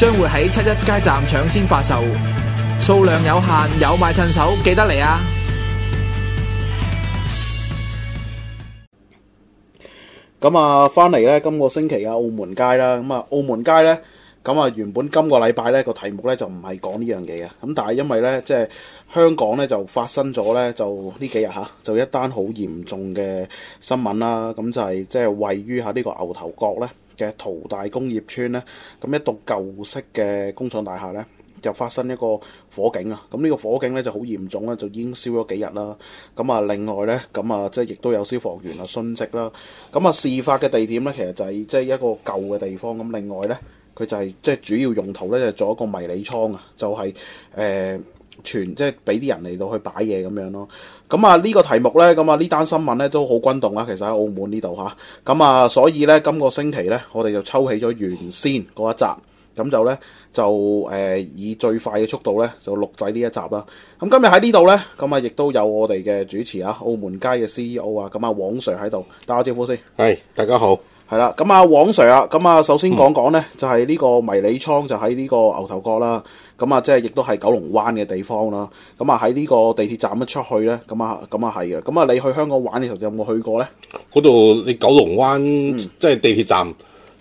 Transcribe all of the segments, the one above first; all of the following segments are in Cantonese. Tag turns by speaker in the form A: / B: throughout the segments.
A: 將會喺七一街站搶先發售，數量有限，有買趁手，記得嚟啊！
B: 咁啊，翻嚟咧，今個星期嘅澳門街啦，咁啊，澳門街咧，咁啊，原本今個禮拜咧個題目咧就唔係講呢樣嘢嘅，咁但係因為咧，即係香港咧就發生咗咧，就呢幾日吓，就一單好嚴重嘅新聞啦，咁就係即係位於吓呢個牛頭角咧。嘅淘大工業村咧，咁一棟舊式嘅工廠大廈咧，就發生一個火警啊！咁呢個火警咧就好嚴重啦，就已經燒咗幾日啦。咁啊，另外咧，咁啊，即係亦都有消防員啊殉職啦。咁啊，事發嘅地點咧，其實就係即係一個舊嘅地方。咁另外咧，佢就係即係主要用途咧，就做一個迷你倉啊，就係、是、誒。呃全即係俾啲人嚟到去擺嘢咁樣咯，咁啊呢個題目呢，咁啊呢單新聞呢，都好轟動啦，其實喺澳門呢度吓，咁啊所以呢，今個星期呢，我哋就抽起咗原先嗰一集，咁就呢，就誒、呃、以最快嘅速度呢，就錄製呢一集啦。咁、啊、今日喺呢度呢，咁啊亦都有我哋嘅主持啊，澳門街嘅 CEO 啊，咁啊黃 Sir 喺度，打個招呼先。係，hey, 大家好。係啦，咁啊黃 Sir 啊，咁啊首先講講呢，嗯、就係呢個迷你倉就喺呢個牛頭角啦。咁啊，即係亦都係九龍灣嘅地方啦。咁啊，喺呢個地鐵站一出去咧，咁啊，咁啊係嘅。咁啊，你去香港玩，你頭先有冇去過
A: 咧？嗰度你九龍灣即係地鐵站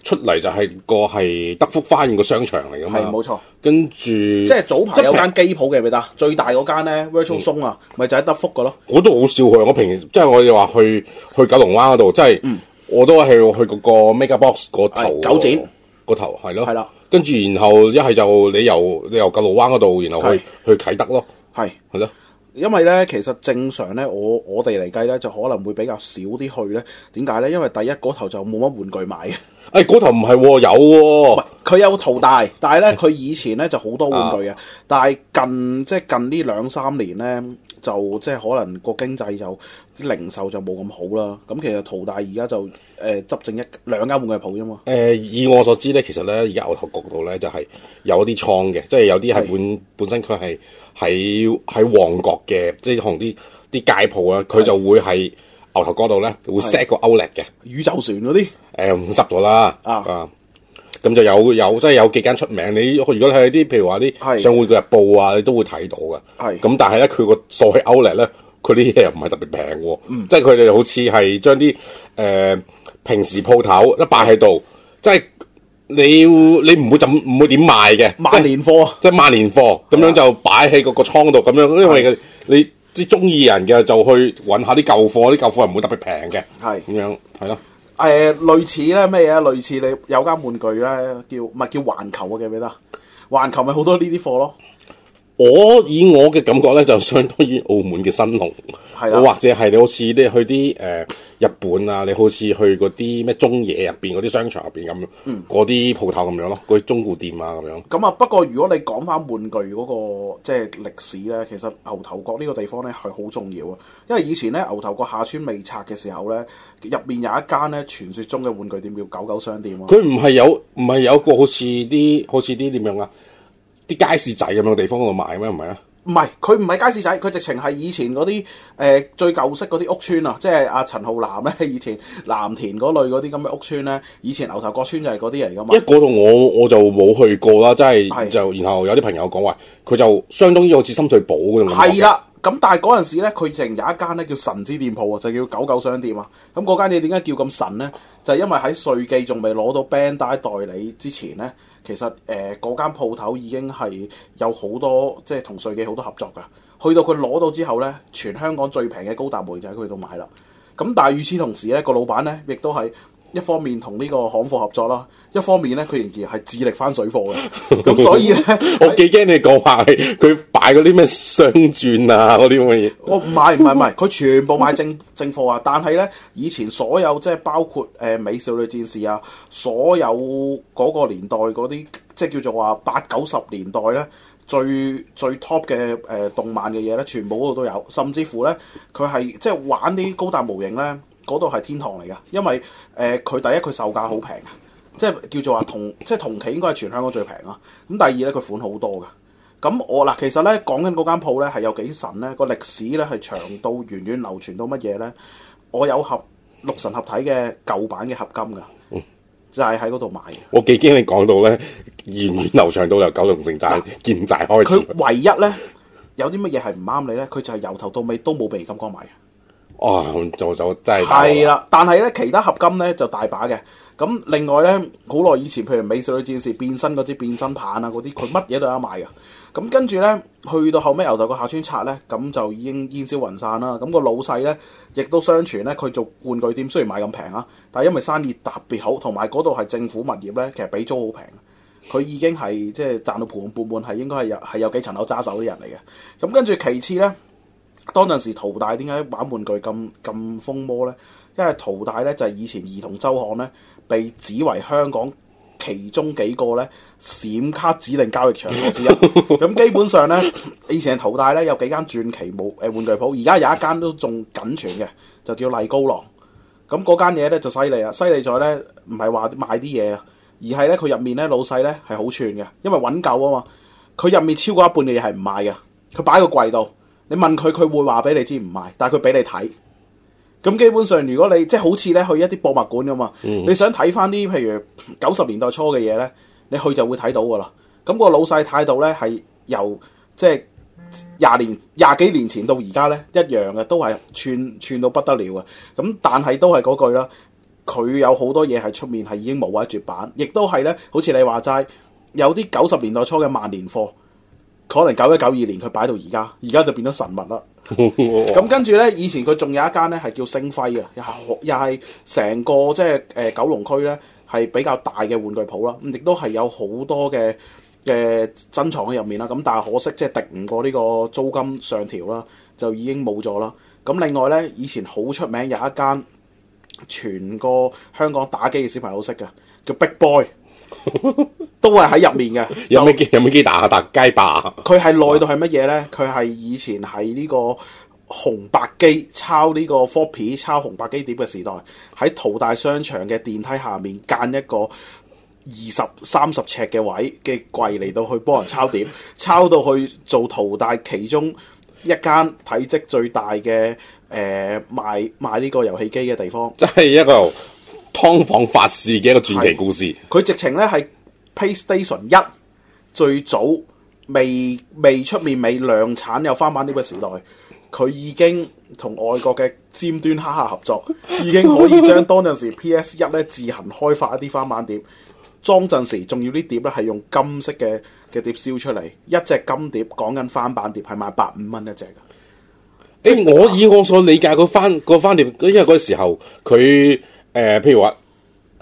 A: 出嚟就係個係德福花園個商場嚟㗎嘛。係，冇錯。跟住即係早排有間
B: 機鋪嘅，記得最大嗰間咧 Virtual 松，啊，咪就喺德福㗎咯。我
A: 都好少去，我平時即係我哋話去去九龍灣嗰度，即係我都去去嗰個 Mega Box 個頭，九展個頭，係咯，係啦。跟住，然後一係就你由你由九龍灣嗰度，然後去是去啟德咯。係係咯，的因為咧，其
B: 實正常咧，我我哋嚟計咧，就可能會比較少啲去咧。點解咧？因為第一嗰頭就冇乜玩具買嘅。誒、哎，嗰頭唔係、哦，有唔、哦、佢有淘大，但係咧，佢以前咧 就好多玩具嘅，但係近即係近呢兩三年咧。就即係可能個經濟就啲零售就冇咁好啦。咁其實淘大而家就，誒、呃、執剩一兩間玩具鋪啫嘛。
A: 誒、呃，以我所知咧，其實咧而家牛頭角度咧就係、是、有啲倉嘅，即係有啲係本是本身佢係喺喺旺角嘅，即係可能啲街鋪啊，佢就會係牛頭角度咧會 set 個 outlet 嘅宇宙船嗰啲誒五十咗啦啊！啊咁就有有即係、就是、有幾間出名，你如果係啲譬如話啲上會嘅日報啊，的你都會睇到嘅。咁的但係咧，佢個數係歐力咧，佢啲嘢又唔係特別平喎。即係佢哋好似係將啲誒、呃、平時鋪頭一擺喺度，嗯、即係你你唔會，會，會怎唔會點賣嘅？萬年貨啊！即係是萬年貨咁樣就擺喺個個倉度咁樣，因為你啲中意人嘅就去揾下啲舊貨，啲舊貨又唔會特別平嘅。係咁樣係咯。的
B: 誒類似咧咩嘢啊？類似你有間玩具咧，叫唔係叫環球啊？記唔記得？環球咪好多呢啲貨咯。
A: 我以我嘅感覺咧，就相當於澳門嘅新龍，的或者係你好似啲去啲誒、呃、日本啊，你好似去嗰啲咩中野入邊嗰啲商場入邊咁樣，嗰啲鋪頭咁樣咯，嗰啲中古店啊咁樣。咁、嗯、啊，
B: 不過如果你講翻玩具嗰、那個即係歷史咧，其實牛頭角呢個地方咧係好重要啊，因為以前咧牛頭角下村未拆嘅時候咧，入面有一間咧傳說中嘅玩具店叫九九商店。
A: 佢唔係有唔係有一個好似啲好似啲點樣啊？啲街市仔咁嘅地方嗰度賣咩？唔係啊，唔
B: 係佢唔係街市仔，佢直情係以前嗰啲誒最舊式嗰啲屋村啊，即係阿陳浩南咧，以前藍田嗰類嗰啲咁嘅屋村咧，以前牛頭角村就係嗰啲嚟噶嘛。一
A: 過到我我就冇去過啦，即係是就然後有啲朋友講話，佢就相當於好似深水埗咁。係啦，咁但係嗰陣時
B: 咧，佢淨有一
A: 間咧叫神之店鋪啊，就叫九九商店啊。咁嗰間嘢點解叫咁神咧？就
B: 係、是、因為喺瑞記仲未攞到 band 帶代理之前咧。其實誒嗰、呃、間鋪頭已經係有好多即係同瑞記好多合作㗎，去到佢攞到之後呢，全香港最平嘅高達梅就喺佢度買啦。咁但係與此同時，呢個老闆呢亦都係。一方面同呢個行貨合作啦，一方面咧佢仍然係致力翻水貨嘅，
A: 咁 所以咧我幾驚你講話佢佢擺嗰啲咩雙鑽啊嗰啲咁嘅嘢？
B: 我唔係唔係唔係，佢全部買正正貨啊！但係咧以前所有即係包括誒、呃、美少女戰士啊，所有嗰個年代嗰啲即係叫做話八九十年代咧最最 top 嘅誒、呃、動漫嘅嘢咧，全部嗰度都有，甚至乎咧佢係即係玩啲高達模型咧。嗰度係天堂嚟噶，因為誒佢第一佢售價好平嘅，即係叫做話同即係同期應該係全香港最平啊。咁第二咧佢款好多噶，咁我嗱其實咧講緊嗰間鋪咧係有幾神咧，個歷史咧係長到遠遠流傳到乜嘢咧。我有盒六神合體嘅舊版嘅合金噶，就係喺嗰度買。
A: 我幾驚你講到咧，源遠流長到由九龍城寨建寨開始。佢
B: 唯一咧有啲乜嘢係唔啱你咧，佢就係由頭到尾都冇被金剛買。
A: 哦，做做真係係啦，
B: 但係咧其他合金咧就大把嘅。咁另外咧，好耐以前譬如美少女戰士變身嗰支變身棒啊，嗰啲佢乜嘢都有得賣㗎。咁跟住咧，去到後尾，牛頭角下村拆咧，咁就已經煙消雲散啦。咁個老細咧，亦都相傳咧，佢做玩具店，雖然賣咁平啊，但係因為生意特別好，同埋嗰度係政府物業咧，其實俾租好平。佢已經係即係賺到盤滿缽滿，係應該係有係有幾層樓揸手啲人嚟嘅。咁跟住其次咧。當陣時淘大點解玩玩具咁咁瘋魔呢？因為淘大呢就係、是、以前兒童周刊呢，被指為香港其中幾個呢閃卡指定交易場之一。咁 基本上呢，以前淘大呢有幾間傳奇冇誒玩具鋪，而家有一間都仲僅存嘅，就叫麗高廊。咁嗰間嘢呢就犀利啦，犀利在呢唔係話賣啲嘢啊，而係呢，佢入面呢老細呢係好串嘅，因為搵夠啊嘛。佢入面超過一半嘅嘢係唔賣嘅，佢擺個櫃度。你問佢，佢會話俾你知唔賣，但係佢俾你睇。咁基本上，如果你即係好似咧去一啲博物館咁嘛，嗯、你想睇翻啲譬如九十年代初嘅嘢咧，你去就會睇到噶啦。咁、個老細態度咧係由即係廿年廿幾年前到而家咧一樣嘅，都係串串到不得了嘅。咁但係都係嗰句啦，佢有好多嘢係出面係已經冇或者絕版，亦都係咧好似你話齋有啲九十年代初嘅萬年貨。可能九一九二年佢擺到而家，而家就變咗神物啦。
A: 咁
B: 跟住呢，以前佢仲有一間呢係叫星輝嘅，又係又係成個即係誒九龍區呢係比較大嘅玩具鋪啦。亦都係有好多嘅嘅、呃、珍藏喺入面啦。咁但係可惜，即係敵唔過呢個租金上調啦，就已經冇咗啦。咁另外呢，以前好出名有一間，全個香港打機嘅小朋友識嘅，叫 Big Boy。 都係喺入面嘅，有咩機？有
A: 咩機打啊？打街霸！
B: 佢係內到係乜嘢咧？佢係以前喺呢個紅白機抄呢個 copy 抄紅白機碟嘅時代，喺淘大商場嘅電梯下面間一個二十三十尺嘅位嘅櫃嚟到去幫人抄碟， 抄到去做淘大其中一間體積最大嘅誒賣賣呢個遊戲機嘅地方，
A: 即係一個。湯房法事嘅一個傳奇故事。
B: 佢直情咧係 PlayStation 一最早未未出面未量產有翻版碟嘅時代，佢已經同外國嘅尖端黑客合作，已經可以將當陣時 PS 一咧自行開發一啲翻版碟。裝陣時仲要啲碟咧係用金色嘅嘅碟燒出嚟，一隻金碟講緊翻版碟係賣八百五蚊一隻。誒、
A: 欸，我 以我所理解佢翻個翻碟，因為嗰時候佢。誒、呃，譬如話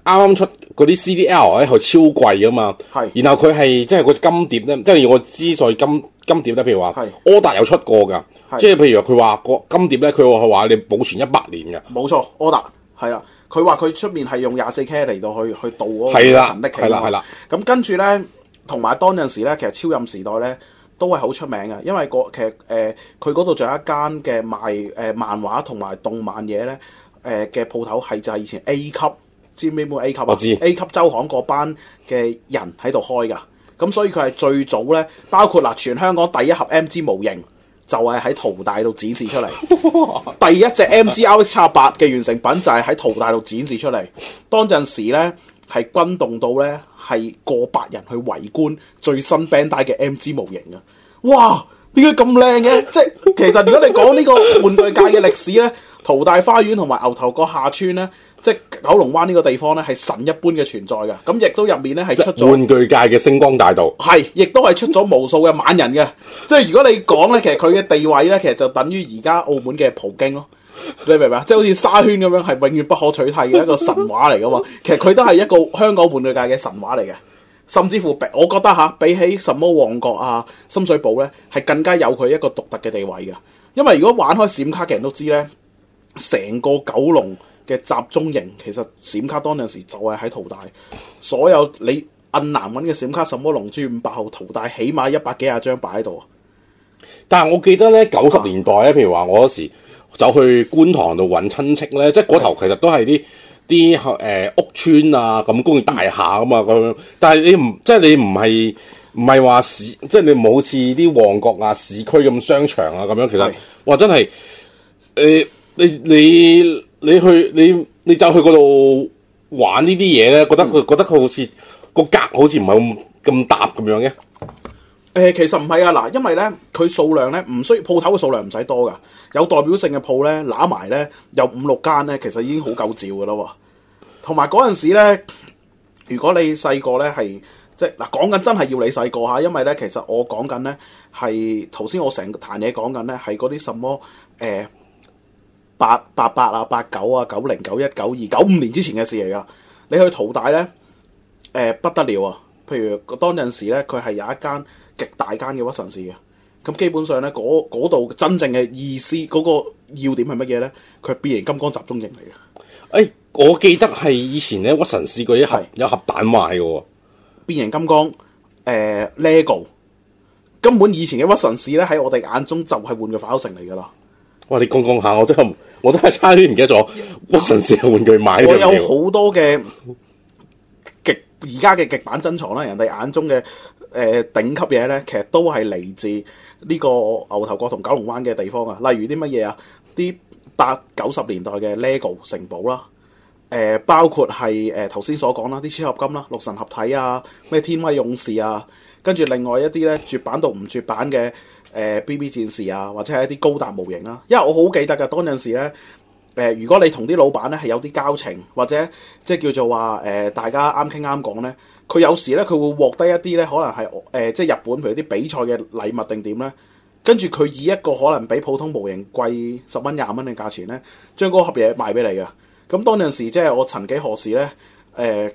A: 啱啱出嗰啲 CDL 咧，佢超貴啊嘛，係是。然後佢係即係個金碟咧，即係我資助金金碟咧。譬如話是，柯達有出過㗎，是即係譬如佢話個金碟咧，佢話話你保存一百年嘅。冇錯，柯達係啦，佢話佢出面係用
B: 廿四 K 嚟到去去度嗰、那個陳力啦，係啦的，係啦。咁跟住咧，同埋當陣時咧，其實超任時代咧都係好出名嘅，因為個其實誒，佢嗰度仲有一間嘅賣誒漫畫同埋動漫嘢咧。誒嘅鋪頭係就係以前 A 級，知唔知有冇 A 級啊？我知 A 級周行嗰班嘅人喺度開㗎，咁所以佢係最早咧，包括嗱，全香港第一盒 MG 模型就係、是、喺淘大度展示出嚟， 第一隻 MG RX 七八嘅完成品就係喺淘大度展示出嚟，當陣時咧係轟動到咧係過百人去圍觀最新 Bandai 嘅 MG 模型啊。哇！點解咁靚嘅？即係其實如果你講呢個玩具界嘅歷史咧，淘大花園同埋牛頭角下村咧，即係九龍灣呢個地方咧係神一般嘅存在嘅。咁亦都入面咧係出咗玩
A: 具界嘅星光大道，
B: 係亦都係出咗無數嘅猛人嘅。即係如果你講咧，其實佢嘅地位咧，其實就等於而家澳門嘅葡京咯。你明唔明啊？即係好似沙圈咁樣，係永遠不可取替嘅一個神話嚟噶嘛。其實佢都係一個香港玩具界嘅神話嚟嘅。甚至乎，我覺得嚇、啊、比起什麼旺角啊、深水埗呢，係更加有佢一個獨特嘅地位嘅。因為如果玩開閃卡嘅人都知呢，成個九龍嘅集中營其實閃卡當陣時就係喺淘大。所有你摁難揾嘅閃卡，什麼龍珠五百號，淘大起碼一百幾廿張擺喺度。
A: 但係我記得呢，九十年代呢，譬如話我嗰時走去觀塘度揾親戚呢，嗯、即係嗰頭其實都係啲。啲誒、呃、屋村啊，咁工業大廈咁嘛，咁樣。但係你唔，即係你唔係唔係話市，即係你唔好似啲旺角啊市區咁商場啊咁樣。其實，是哇真係，你你你你去你你走去嗰度玩呢啲嘢咧，覺得佢、嗯、覺得佢好似個格，格好似唔係咁咁搭咁樣嘅。
B: 誒，其實唔係啊，嗱，因為咧，佢數量咧唔需要鋪頭嘅數量唔使多噶，有代表性嘅鋪咧攞埋咧有五六間咧，其實已經好夠照噶啦，同埋嗰陣時咧，如果你細個咧係即係嗱，講緊真係要你細個吓，因為咧其實我講緊咧係頭先我成壇嘢講緊咧係嗰啲什麼誒八八八啊八九啊九零九一九二九五年之前嘅事嚟噶，你去淘大咧誒、呃、不得了啊！譬如當陣時咧，佢係有一間極大間嘅屈臣氏嘅，咁基本上咧嗰度真正嘅意思嗰、嗰個要點係乜嘢咧？佢係變形金剛集中營嚟嘅。誒、欸，我記得係以前咧屈臣氏嗰啲係是有盒板賣嘅，變形金剛誒、呃、，Lego 根本以前嘅屈臣氏咧喺我哋眼中就係玩具反斗城嚟噶啦。
A: 哇，你講講下我真係我都係差啲唔記得咗屈臣氏嘅玩具買。我有好
B: 多嘅。 而家嘅極版珍藏啦，人哋眼中嘅誒、呃、頂級嘢咧，其實都係嚟自呢個牛頭角同九龍灣嘅地方啊。例如啲乜嘢啊，啲八九十年代嘅 LEGO 城堡啦，誒、呃、包括係誒頭先所講啦，啲超合金啦、六神合體啊、咩天威勇士啊，跟住另外一啲咧絕版到唔絕版嘅誒、呃、BB 戰士啊，或者係一啲高達模型啊。因為我好記得㗎，當陣時咧。誒、呃，如果你同啲老闆咧係有啲交情，或者即係叫做話誒、呃，大家啱傾啱講咧，佢有時咧佢會獲得一啲咧，可能係誒、呃，即係日本譬如啲比賽嘅禮物定點咧，跟住佢以一個可能比普通模型貴十蚊廿蚊嘅價錢咧，將嗰盒嘢賣俾你嘅。咁當陣時即係我曾幾何時咧，誒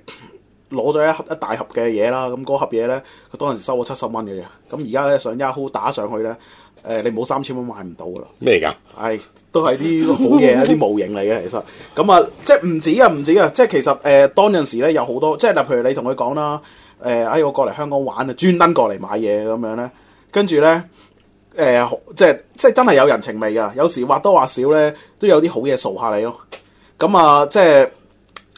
B: 攞咗一盒一大盒嘅嘢啦，咁嗰盒嘢咧，佢當陣時收咗七十蚊嘅，咁而家咧上 Yahoo 打上去咧。誒、呃，你冇三千蚊買唔到噶啦？咩嚟㗎？都係啲好嘢， 一啲模型嚟嘅其實。咁啊，即係唔止啊，唔止啊。即係其實誒、呃，當陣時咧有好多，即係例如你同佢講啦，誒、呃，哎，我過嚟香港玩啊，專登過嚟買嘢咁樣咧，跟住咧，誒、呃，即係即係真係有人情味噶。有時或多或少咧，都有啲好嘢掃下你咯。咁啊，即係。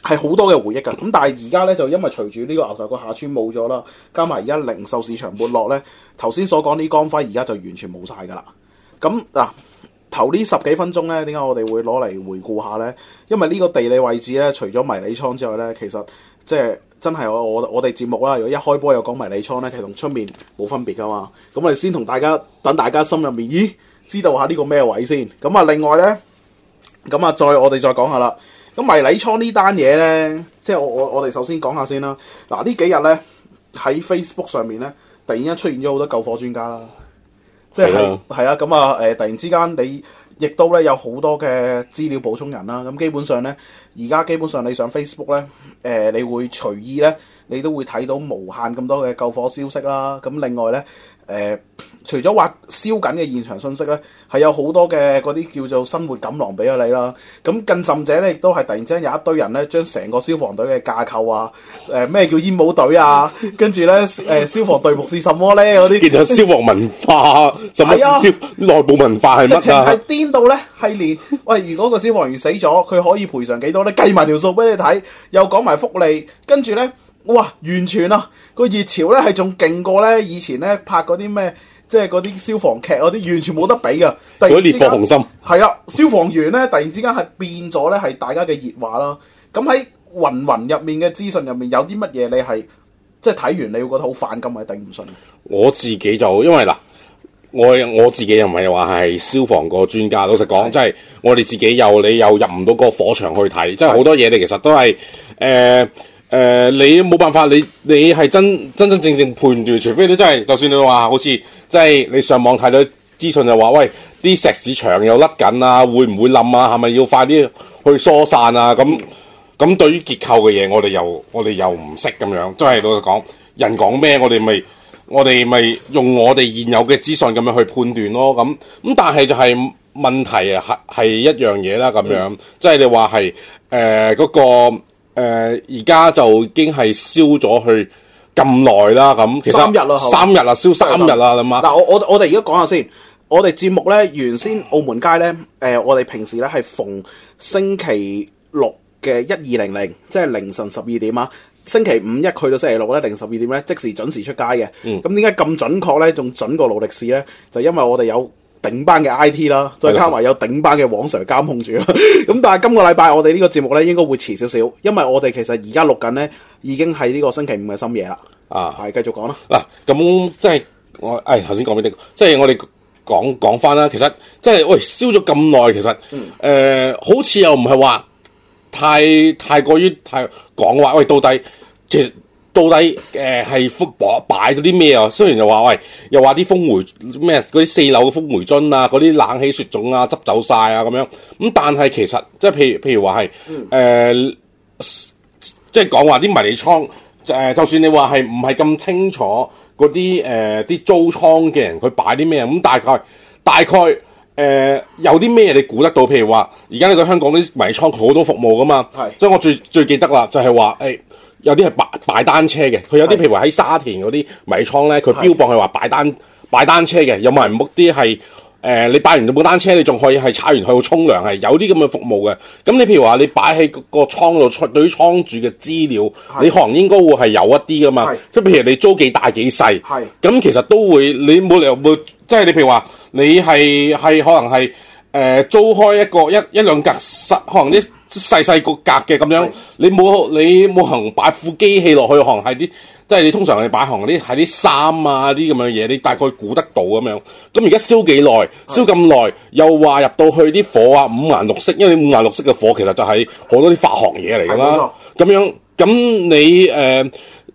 B: 係好多嘅回憶噶，咁但係而家呢，就因為隨住呢個牛頭角下村冇咗啦，加埋而家零售市場沒落呢，頭先所講啲光輝而家就完全冇晒噶啦。咁嗱、啊，頭呢十幾分鐘呢，點解我哋會攞嚟回顧下呢？因為呢個地理位置呢，除咗迷你倉之外呢，其實即係、就是、真係我我哋節目啦，如果一開波又講迷你倉呢，其實同出面冇分別噶嘛。咁我哋先同大家等大家心入面，咦？知道下呢個咩位先？咁啊，另外呢，咁啊，再我哋再講下啦。咁迷你倉呢單嘢呢，即係我我我哋首先講下先啦。嗱，呢幾日呢，喺 Facebook 上面呢，突然間出現咗好多救火專家啦，即係係啦。咁啊誒，突然之間你亦都呢有好多嘅資料補充人啦。咁基本上呢，而家基本上你上 Facebook 呢，誒、呃，你會隨意呢，你都會睇到無限咁多嘅救火消息啦。咁另外呢。誒、呃，除咗話燒緊嘅現場信息咧，係有好多嘅嗰啲叫做生活錦囊俾咗你啦。咁更甚者咧，亦都係突然之間有一堆人咧，將成個消防隊嘅架構啊，誒、呃、咩叫煙霧隊啊，跟住咧誒消防隊目是什麼咧嗰啲，叫做消防
A: 文化， 什麼消防、啊、內部文化係乜啊？直情係
B: 顛到咧，係連喂，如果個消防員死咗，佢可以賠償幾多咧？計埋條數俾你睇，又講埋福利，跟住咧。哇！完全啊！個熱潮咧係仲勁過咧以前咧拍嗰啲咩，即係嗰啲消防劇嗰啲，完全冇得比噶。佢烈火雄心係啦、啊，消防員咧突然之間係變咗咧，係大家嘅熱話啦。咁喺雲雲入面嘅資訊入面有啲乜嘢，你係即係睇完你會覺得好反感或者頂唔順？
A: 我自己就因為嗱，我我自己又唔係話係消防個專家，老實講，即係是的 我哋自己又你又入唔到個火場去睇，即係好多嘢你其實都係誒。呃呃誒、呃，你冇辦法，你你係真真真正正判斷，除非你真係，就算你話好似，即、就、係、是、你上網睇到資訊就話，喂，啲石屎場又甩緊啊，會唔會冧啊？係咪要快啲去疏散啊？咁咁對於結構嘅嘢，我哋又我哋又唔識咁樣，即係老實講人講咩，我哋咪我哋咪用我哋現有嘅資訊咁樣去判斷咯。咁咁但係就係問題啊，係係一樣嘢啦。咁樣即係、嗯、你話係誒嗰個。誒，而家、呃、就已經係燒咗去咁耐啦，咁其實三日啦，三日啦，燒三日啦，諗下。嗱，我
B: 我我哋而家講下先，我哋節目咧，原先澳門街咧，誒、呃，我哋平時咧係逢星期六嘅一二零零，即係凌晨十二點啊，星期五一去到星期六咧，凌晨十二點咧，即時準時出街嘅。咁點解咁準確咧？仲準過勞力士咧？就因為我哋有。頂班嘅 I T 啦，再加埋有頂班嘅網上監控住咯。咁的 但係今個禮拜我哋呢個節目咧，應該會遲少少，因為我哋其實而
A: 家錄緊咧，已經係呢個星期五嘅深夜啦。啊，係繼續講啦嗱，咁、啊、即係我誒頭先講俾你，即係我哋講講翻啦。其實即係喂燒咗咁耐，其實誒、嗯呃、好似又唔係話太太過於太講話喂，到底其實。到底誒係、呃、放擺咗啲咩啊？雖然又話喂，又話啲風煤咩嗰啲四樓嘅風煤樽啊，嗰啲冷氣雪種啊，執走晒啊咁樣。咁、嗯、但係其實即係譬，譬如譬如話係誒，即係講話啲迷你倉誒、呃，就算你話係唔係咁清楚嗰啲誒啲租倉嘅人佢擺啲咩咁，大概大概誒、呃、有啲咩你估得到？譬如話而家呢個香港啲迷你倉好多服務㗎嘛，係的。所以我最最記得啦，就係話誒。就是有啲係擺擺單車嘅，佢有啲譬如話喺沙田嗰啲迷你倉咧，佢是標榜係話擺單擺單車嘅，有冇人目啲係誒，你擺完部單車，你仲可以係踩完去去沖涼，係有啲咁嘅服務嘅。咁你譬如話你擺喺個倉度，對於倉主嘅資料，是你可能應該會係有一啲㗎嘛。即係是譬如你租幾大幾細，咁是其實都會你冇理由會，即、就、係、是、你譬如話你係係可能係誒、呃、租開一個一一,一,一,一兩格室，可能啲。細細個格嘅咁樣，的你冇你冇行擺副機器落去行係啲，即係你通常你擺行啲係啲衫啊啲咁樣嘢，你大概估得到咁樣。咁而家燒幾耐，燒咁耐，又話入到去啲火啊五顏六色，因為五顏六色嘅火其實就係好多啲化學嘢嚟噶啦。咁樣咁你誒、呃，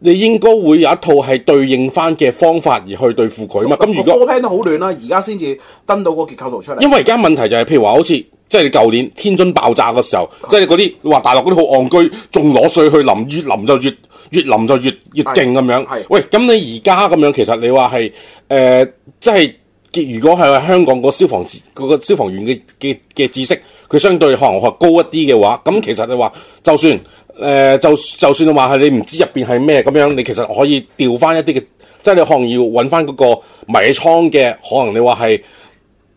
A: 你應該會有一套係對應翻嘅方法而去對付佢的嘛？咁如果 plan
B: 都好亂啦，而家先至登到個結構圖出嚟。因為
A: 而家問題就係、是，譬如話好似。即係你舊年天津爆炸嘅時候，的即係嗰啲話大陸嗰啲好戇居，仲攞水去淋，越淋就越越淋就越越勁咁樣。係的，喂，咁你而家咁樣，其實你話係誒，即係結，如果係香港消、嗰個消防，消防員嘅嘅嘅知識，佢相對可能高一啲嘅話，咁其實你話就算誒、呃，就就算話係你唔知入邊係咩咁樣，你其實可以調翻一啲嘅，即係你可能要揾翻嗰個迷你倉嘅，可能你話係。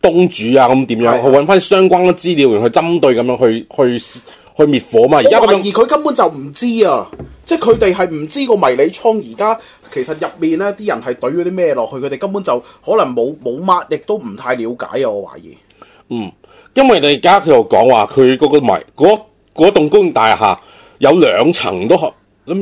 A: 東主啊，咁點樣、啊、去搵翻相關嘅資料，然後針對咁樣去去去滅火嘛？我懷疑
B: 佢根本就唔知啊，即係佢哋係唔知個迷你倉而家其實入面咧啲人係懟咗啲咩落去，佢哋根本就可能冇冇乜，亦都唔太了解啊！我懷疑。
A: 嗯，因為而家佢又講話，佢嗰個迷棟公寓大廈有兩層都，咁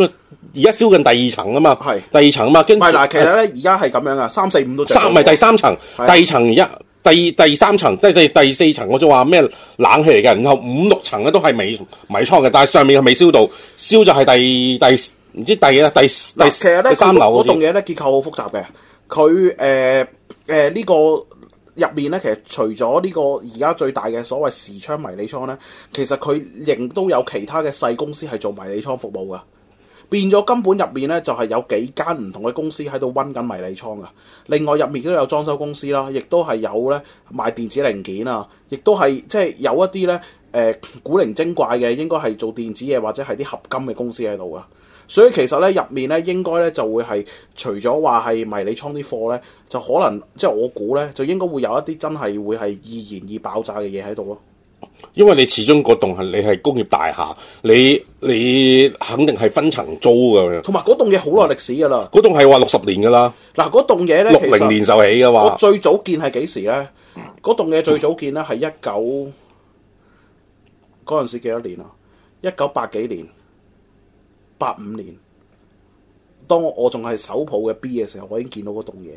A: 啊，而家燒緊第二層啊嘛，係是第二層啊嘛，跟埋嗱，其實咧
B: 而家係咁樣 3, 4,、那個、啊，
A: 三四五都三係第三層，第二層而家。第第三層、即係第第四層，我就話咩冷氣嚟嘅，然後五六層咧都係迷你倉嘅，但係上面係未燒到，燒就係第第唔知第啊第。第第第其實咧，嗰棟嘢
B: 咧結構好複雜嘅，佢誒誒呢個入面咧，其實除咗呢個而家最大嘅所謂時昌迷你倉咧，其實佢仍都有其他嘅細公司係做迷你倉服務噶。變咗根本入面呢，就係有幾間唔同嘅公司喺度温緊迷你倉㗎。另外入面都有裝修公司啦，亦都係有呢賣電子零件啊，亦都係即係有一啲呢、呃、古靈精怪嘅，應該係做電子嘢或者係啲合金嘅公司喺度啊。所以其實呢，入面呢應該呢就會係除咗話係迷你倉啲貨呢，就可能即係、就是、我估呢，就應該會有一啲真係會係易燃易爆炸嘅嘢喺度咯。
A: 因為你始終嗰棟係你係工業大廈，你你肯定係分層租噶。同埋嗰棟嘢好耐歷史噶啦，嗰棟係話六十年噶啦。嗱、啊，嗰棟嘢咧，六零其實年就起噶話，我最
B: 早建係幾時咧？嗰棟嘢最早建咧係一九嗰陣時幾多年啊？一九八幾年，八五年。當我仲係手抱嘅 B 嘅時候，我已經見到嗰棟嘢。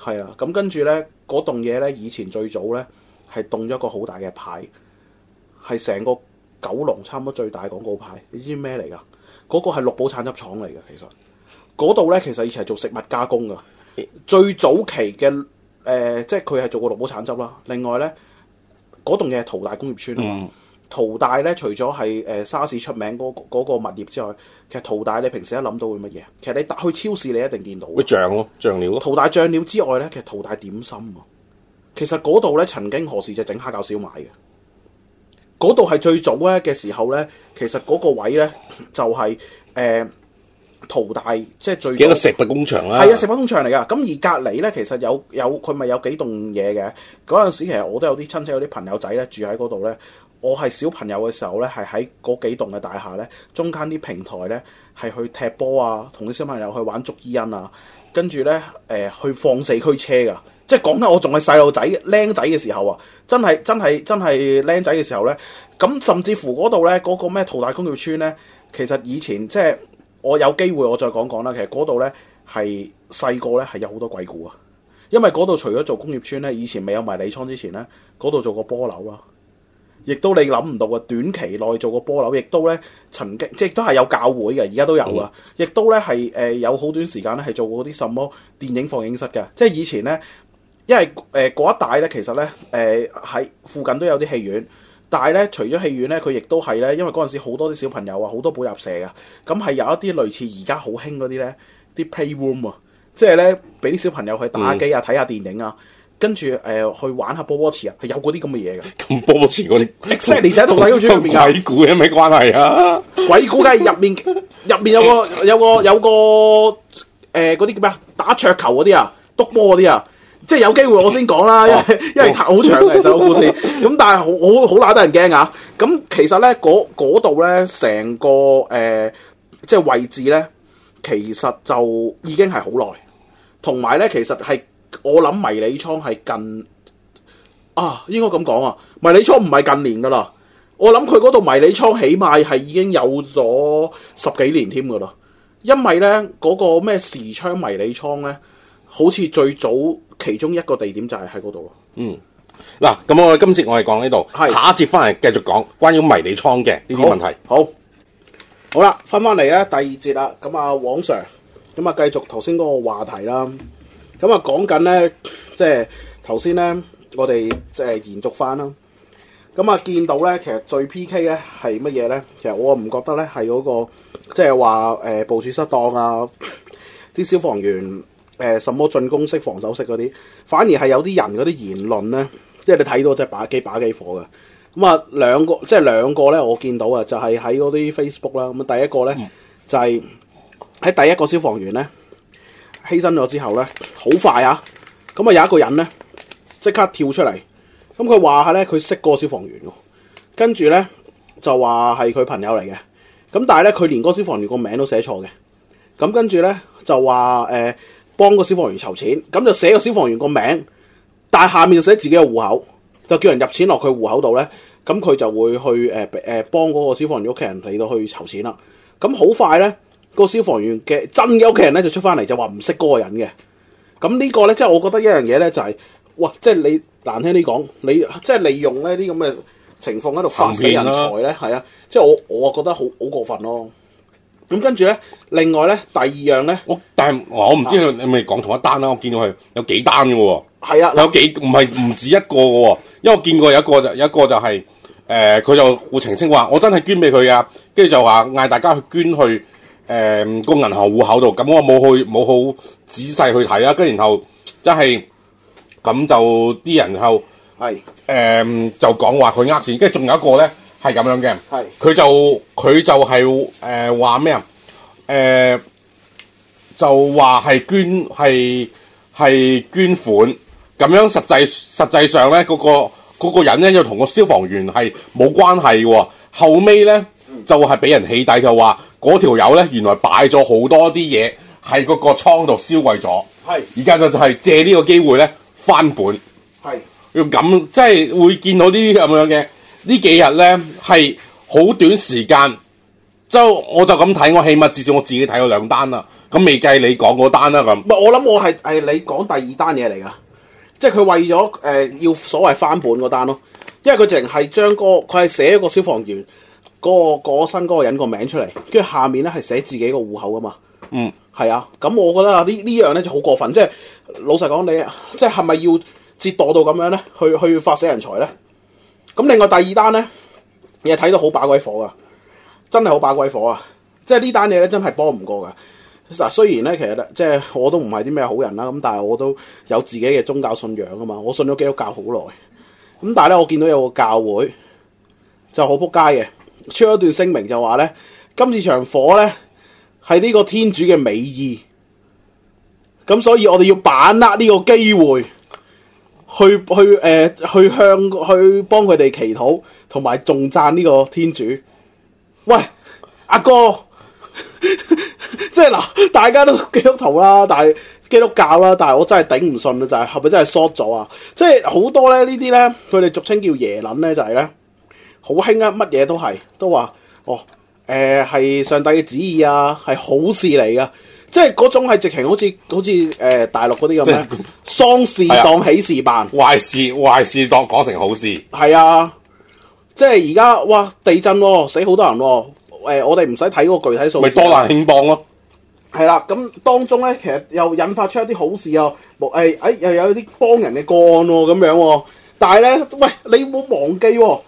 B: 係啊，咁跟住咧，嗰棟嘢咧以前最早咧。係動咗一個好大嘅牌，係成個九龍差唔多最大廣告牌。你知咩嚟噶？嗰、那個係綠寶橙汁廠嚟嘅。其實嗰度咧，其實以前係做食物加工噶。最早期嘅，誒、呃，即係佢係做過綠寶橙汁啦。另外咧，嗰棟嘢係淘大工業村啊、嗯、淘大咧，除咗係誒沙士出名嗰嗰、那個那個物業之外，其實淘大你平時一諗到會乜嘢？其實你去超市你一定見到嘅醬
A: 咯，醬料。淘大
B: 醬料之外咧，其實淘大點心、啊。其實嗰度咧，曾經何時就整蝦餃燒賣嘅。嗰度係最早咧嘅時候咧，其實嗰個位咧就係、是、誒、呃、淘大，即、就、係、是、最。幾個食
A: 品工場啦。係啊，食
B: 品工場嚟噶。咁而隔籬咧，其實有有佢咪有幾棟嘢嘅。嗰陣時其實我都有啲親戚、有啲朋友仔咧住喺嗰度咧。我係小朋友嘅時候咧，係喺嗰幾棟嘅大廈咧中間啲平台咧，係去踢波啊，同啲小朋友去玩捉伊因啊，跟住咧誒去放四驅車噶。即係講咧，我仲係細路仔、僆仔嘅時候啊！真係真係真係僆仔嘅時候呢。咁甚至乎嗰度呢，嗰、嗰個咩淘大工業村呢？其實以前即係我有機會我再講講啦。其實嗰度呢，係細個呢，係有好多鬼故啊！因為嗰度除咗做工業村呢，以前未有迷你倉之前呢，嗰度做過波樓啊。亦都你諗唔到啊，短期內做過波樓，亦都呢曾經即係都係有教會嘅，而家都有啊！亦都呢，係、呃、誒有好短時間呢，係做過啲什麼電影放映室嘅，即係以前呢。因為誒嗰、呃、一帶咧，其實咧誒喺附近都有啲戲院，但係咧除咗戲院咧，佢亦都係咧，因為嗰陣時好多啲小朋友啊，好多補習社噶咁係有一啲類似而家好興嗰啲咧，啲 playroom 啊，即係咧俾啲小朋友去打下機啊，睇下電影啊，跟住誒去玩下波波池啊，係有嗰啲咁嘅嘢噶
A: 咁波波池嗰啲，迪士尼喺淘大公園入面啊？鬼故有咩關係啊？
B: 鬼故梗係入面入面有個有個有個誒嗰啲叫咩啊？打桌球嗰啲啊，篤波嗰啲啊？即係有機會我先講啦，啊、因為因為好長嘅、啊、其實個故事，咁但係好好好乸得人驚啊！咁、啊啊、其實咧嗰度咧成個誒即係位置咧，其實就已經係好耐。同埋咧，其實係我諗迷你倉係近啊，應該咁講啊。迷你倉唔係近年噶啦，我諗佢嗰度迷你倉起碼係已經有咗十幾年添噶啦。因為咧嗰、那個咩時窗迷你倉咧。好似最早其中一個地點就係喺嗰度咯。
A: 嗯，嗱，咁我哋今次我哋講呢度，下一節翻嚟繼續講關於迷你倉嘅呢啲問題好。好，好啦，翻翻
B: 嚟啊，第二節啦。咁啊，黃 Sir 咁啊，繼續頭先嗰個話題啦。咁啊，講緊咧，即係頭先咧，我哋即係延續翻啦。咁啊，見到咧，其實最 P K 咧係乜嘢咧？其實我唔覺得咧係嗰個，即係話誒部署失當啊，啲消防員。誒什麼進攻式、防守式嗰啲，反而係有啲人嗰啲言論咧，即係你睇到隻把幾把幾火嘅咁啊。兩個即係兩個咧，我見到啊，就係、是、喺嗰啲 Facebook 啦。咁第一個咧就係、是、喺第一個消防員咧犧牲咗之後咧，好快啊！咁啊，有一個人咧即刻跳出嚟，咁佢話下咧佢識消呢呢個消防員喎，跟住咧就話係佢朋友嚟嘅。咁但係咧佢連個消防員個名都寫錯嘅，咁跟住咧就話誒。呃幫個消防員籌錢，咁就寫個消防員個名，但係下面就寫自己嘅戶口，就叫人入錢落佢戶口度咧，咁佢就會去誒誒幫嗰個消防員屋企人嚟到去籌錢啦。咁好快咧，個消防員嘅真嘅屋企人咧就出翻嚟就話唔識嗰個人嘅。咁呢個咧即係我覺得一樣嘢咧就係，哇！即係你難聽啲講，你即係利用呢啲咁嘅情況喺度發死人財咧，係啊！即係我我啊覺得好好過分咯。
A: 咁跟住咧，另外咧，第二樣咧，哦、但我但係我唔知你係咪講同一單啦。啊、我見到佢有幾單嘅喎，係啊的，有幾唔係唔止一個嘅喎。因為我見過有一個就有一個就係、是、誒，佢、呃、就澄清話我真係捐俾佢啊，跟住就話嗌大家去捐去誒個、呃、銀行戶口度。咁我冇去冇好仔細去睇啊。跟然後即係咁就啲、是、人後係誒的、呃、就講話佢呃錢。跟住仲有一個咧。係咁樣嘅，佢的就佢就係誒話咩啊？誒、呃呃，就話係捐係係捐款咁樣實際，實際實際上咧，嗰、那個、那個人咧就同個消防員係冇關係嘅。後尾咧、嗯、就係俾人起底，就話嗰條友咧原來擺咗好多啲嘢喺嗰個倉度銷毀咗。係而家就就係借個機呢個機會咧翻本。係要咁即係會見到呢啲咁樣嘅。幾呢幾日咧係好短時間，就我就咁睇，我起碼至少我自己睇咗兩單啦。咁未計你講嗰單啦咁。
B: 唔係我諗我係誒你講第二單嘢嚟噶，即係佢為咗誒、呃、要所謂翻本嗰單咯，因為佢淨係將個佢係寫一個消防員個過身嗰個人個名出嚟，跟住下面咧係寫自己個戶口噶嘛。嗯，係啊。咁我覺得啊呢呢樣咧就好過分，即係老實講你即係係咪要折墮到咁樣咧？去去，去發死人財咧？咁另外第二單咧，你睇到好把鬼火噶，真係好把鬼火啊！即係呢單嘢咧，真係幫唔過噶。嗱，雖然咧，其實咧，即係我都唔係啲咩好人啦。咁但係我都有自己嘅宗教信仰吖嘛。我信咗基督教好耐，咁但係咧，我見到有個教會就好扑街嘅，出咗段聲明就話咧，今次場火咧係呢個天主嘅美意，咁所以我哋要把握呢個機會。去去誒、呃，去向去幫佢哋祈禱，同埋頌讚呢個天主。喂，阿哥，即係嗱，大家都基督徒啦，但係基督教啦，但係我真係頂唔順啦，就係係咪真係 short 咗啊？即係好多咧呢啲咧，佢哋俗稱叫耶撚咧，就係咧好興啊，乜嘢都係，都話哦誒係、呃、上帝嘅旨意啊，係好事嚟啊！即係嗰種係直情好似好似誒、呃、大陸嗰啲咁樣喪是事當喜事辦，
A: 壞事壞事當講成好事
B: 係啊。即係而家哇地震咯，死好多人咯。誒、呃，我哋唔使睇嗰個具體數，咪多難興邦咯、啊。係啦、啊，咁當中咧，其實又引發出一啲好事啊。誒誒、哎哎，又有啲幫人嘅個案咁、啊、樣、啊，但係咧，喂，你唔好忘記、啊。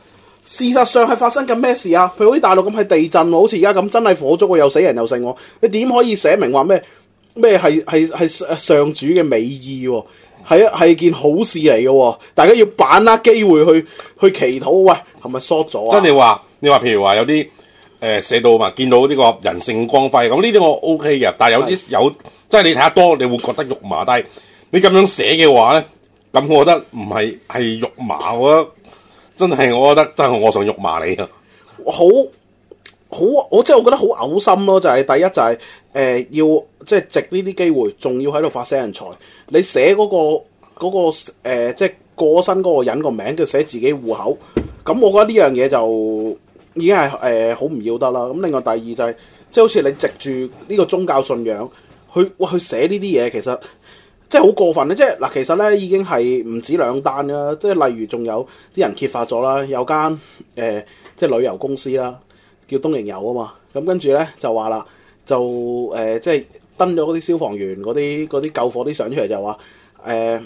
B: 事實上係發生緊咩事啊？譬如好似大陸咁係地震喎，好似而家咁真係火燭喎、啊，又死人又剩我、啊。你點可以寫明話咩咩係係係上主嘅美意喎、啊？係啊係件好事嚟嘅、啊，大家要把握機會去去祈禱。喂，係咪疏咗啊？即係你話
A: 你話譬如話有啲誒、呃、寫到啊嘛，見到呢個人性光輝咁呢啲我 OK 嘅，但係有啲是有即係、就是、你睇得多，你會覺得肉麻。低。你咁樣寫嘅話咧，咁我覺得唔係係肉麻，我覺得。真係，我覺得真係我想辱罵你
B: 啊！好好，我真係我覺得好嘔心咯。就係、是、第一就係、是、誒、呃，要即係藉呢啲機會，仲要喺度發死人財。你寫嗰、那個嗰、那個呃、即係過身嗰個人個名，就寫自己戶口。咁我覺得呢樣嘢就已經係誒好唔要得啦。咁另外第二就係、是，即係好似你藉住呢個宗教信仰，去去寫呢啲嘢，其實～即係好過分咧！即係嗱，其實咧已經係唔止兩單啦。即係例如仲有啲人揭發咗啦，有間誒、呃、即係旅遊公司啦，叫東瀛遊啊嘛。咁跟住咧就話啦，就誒、呃、即係登咗嗰啲消防員嗰啲嗰啲救火啲相出嚟，就話誒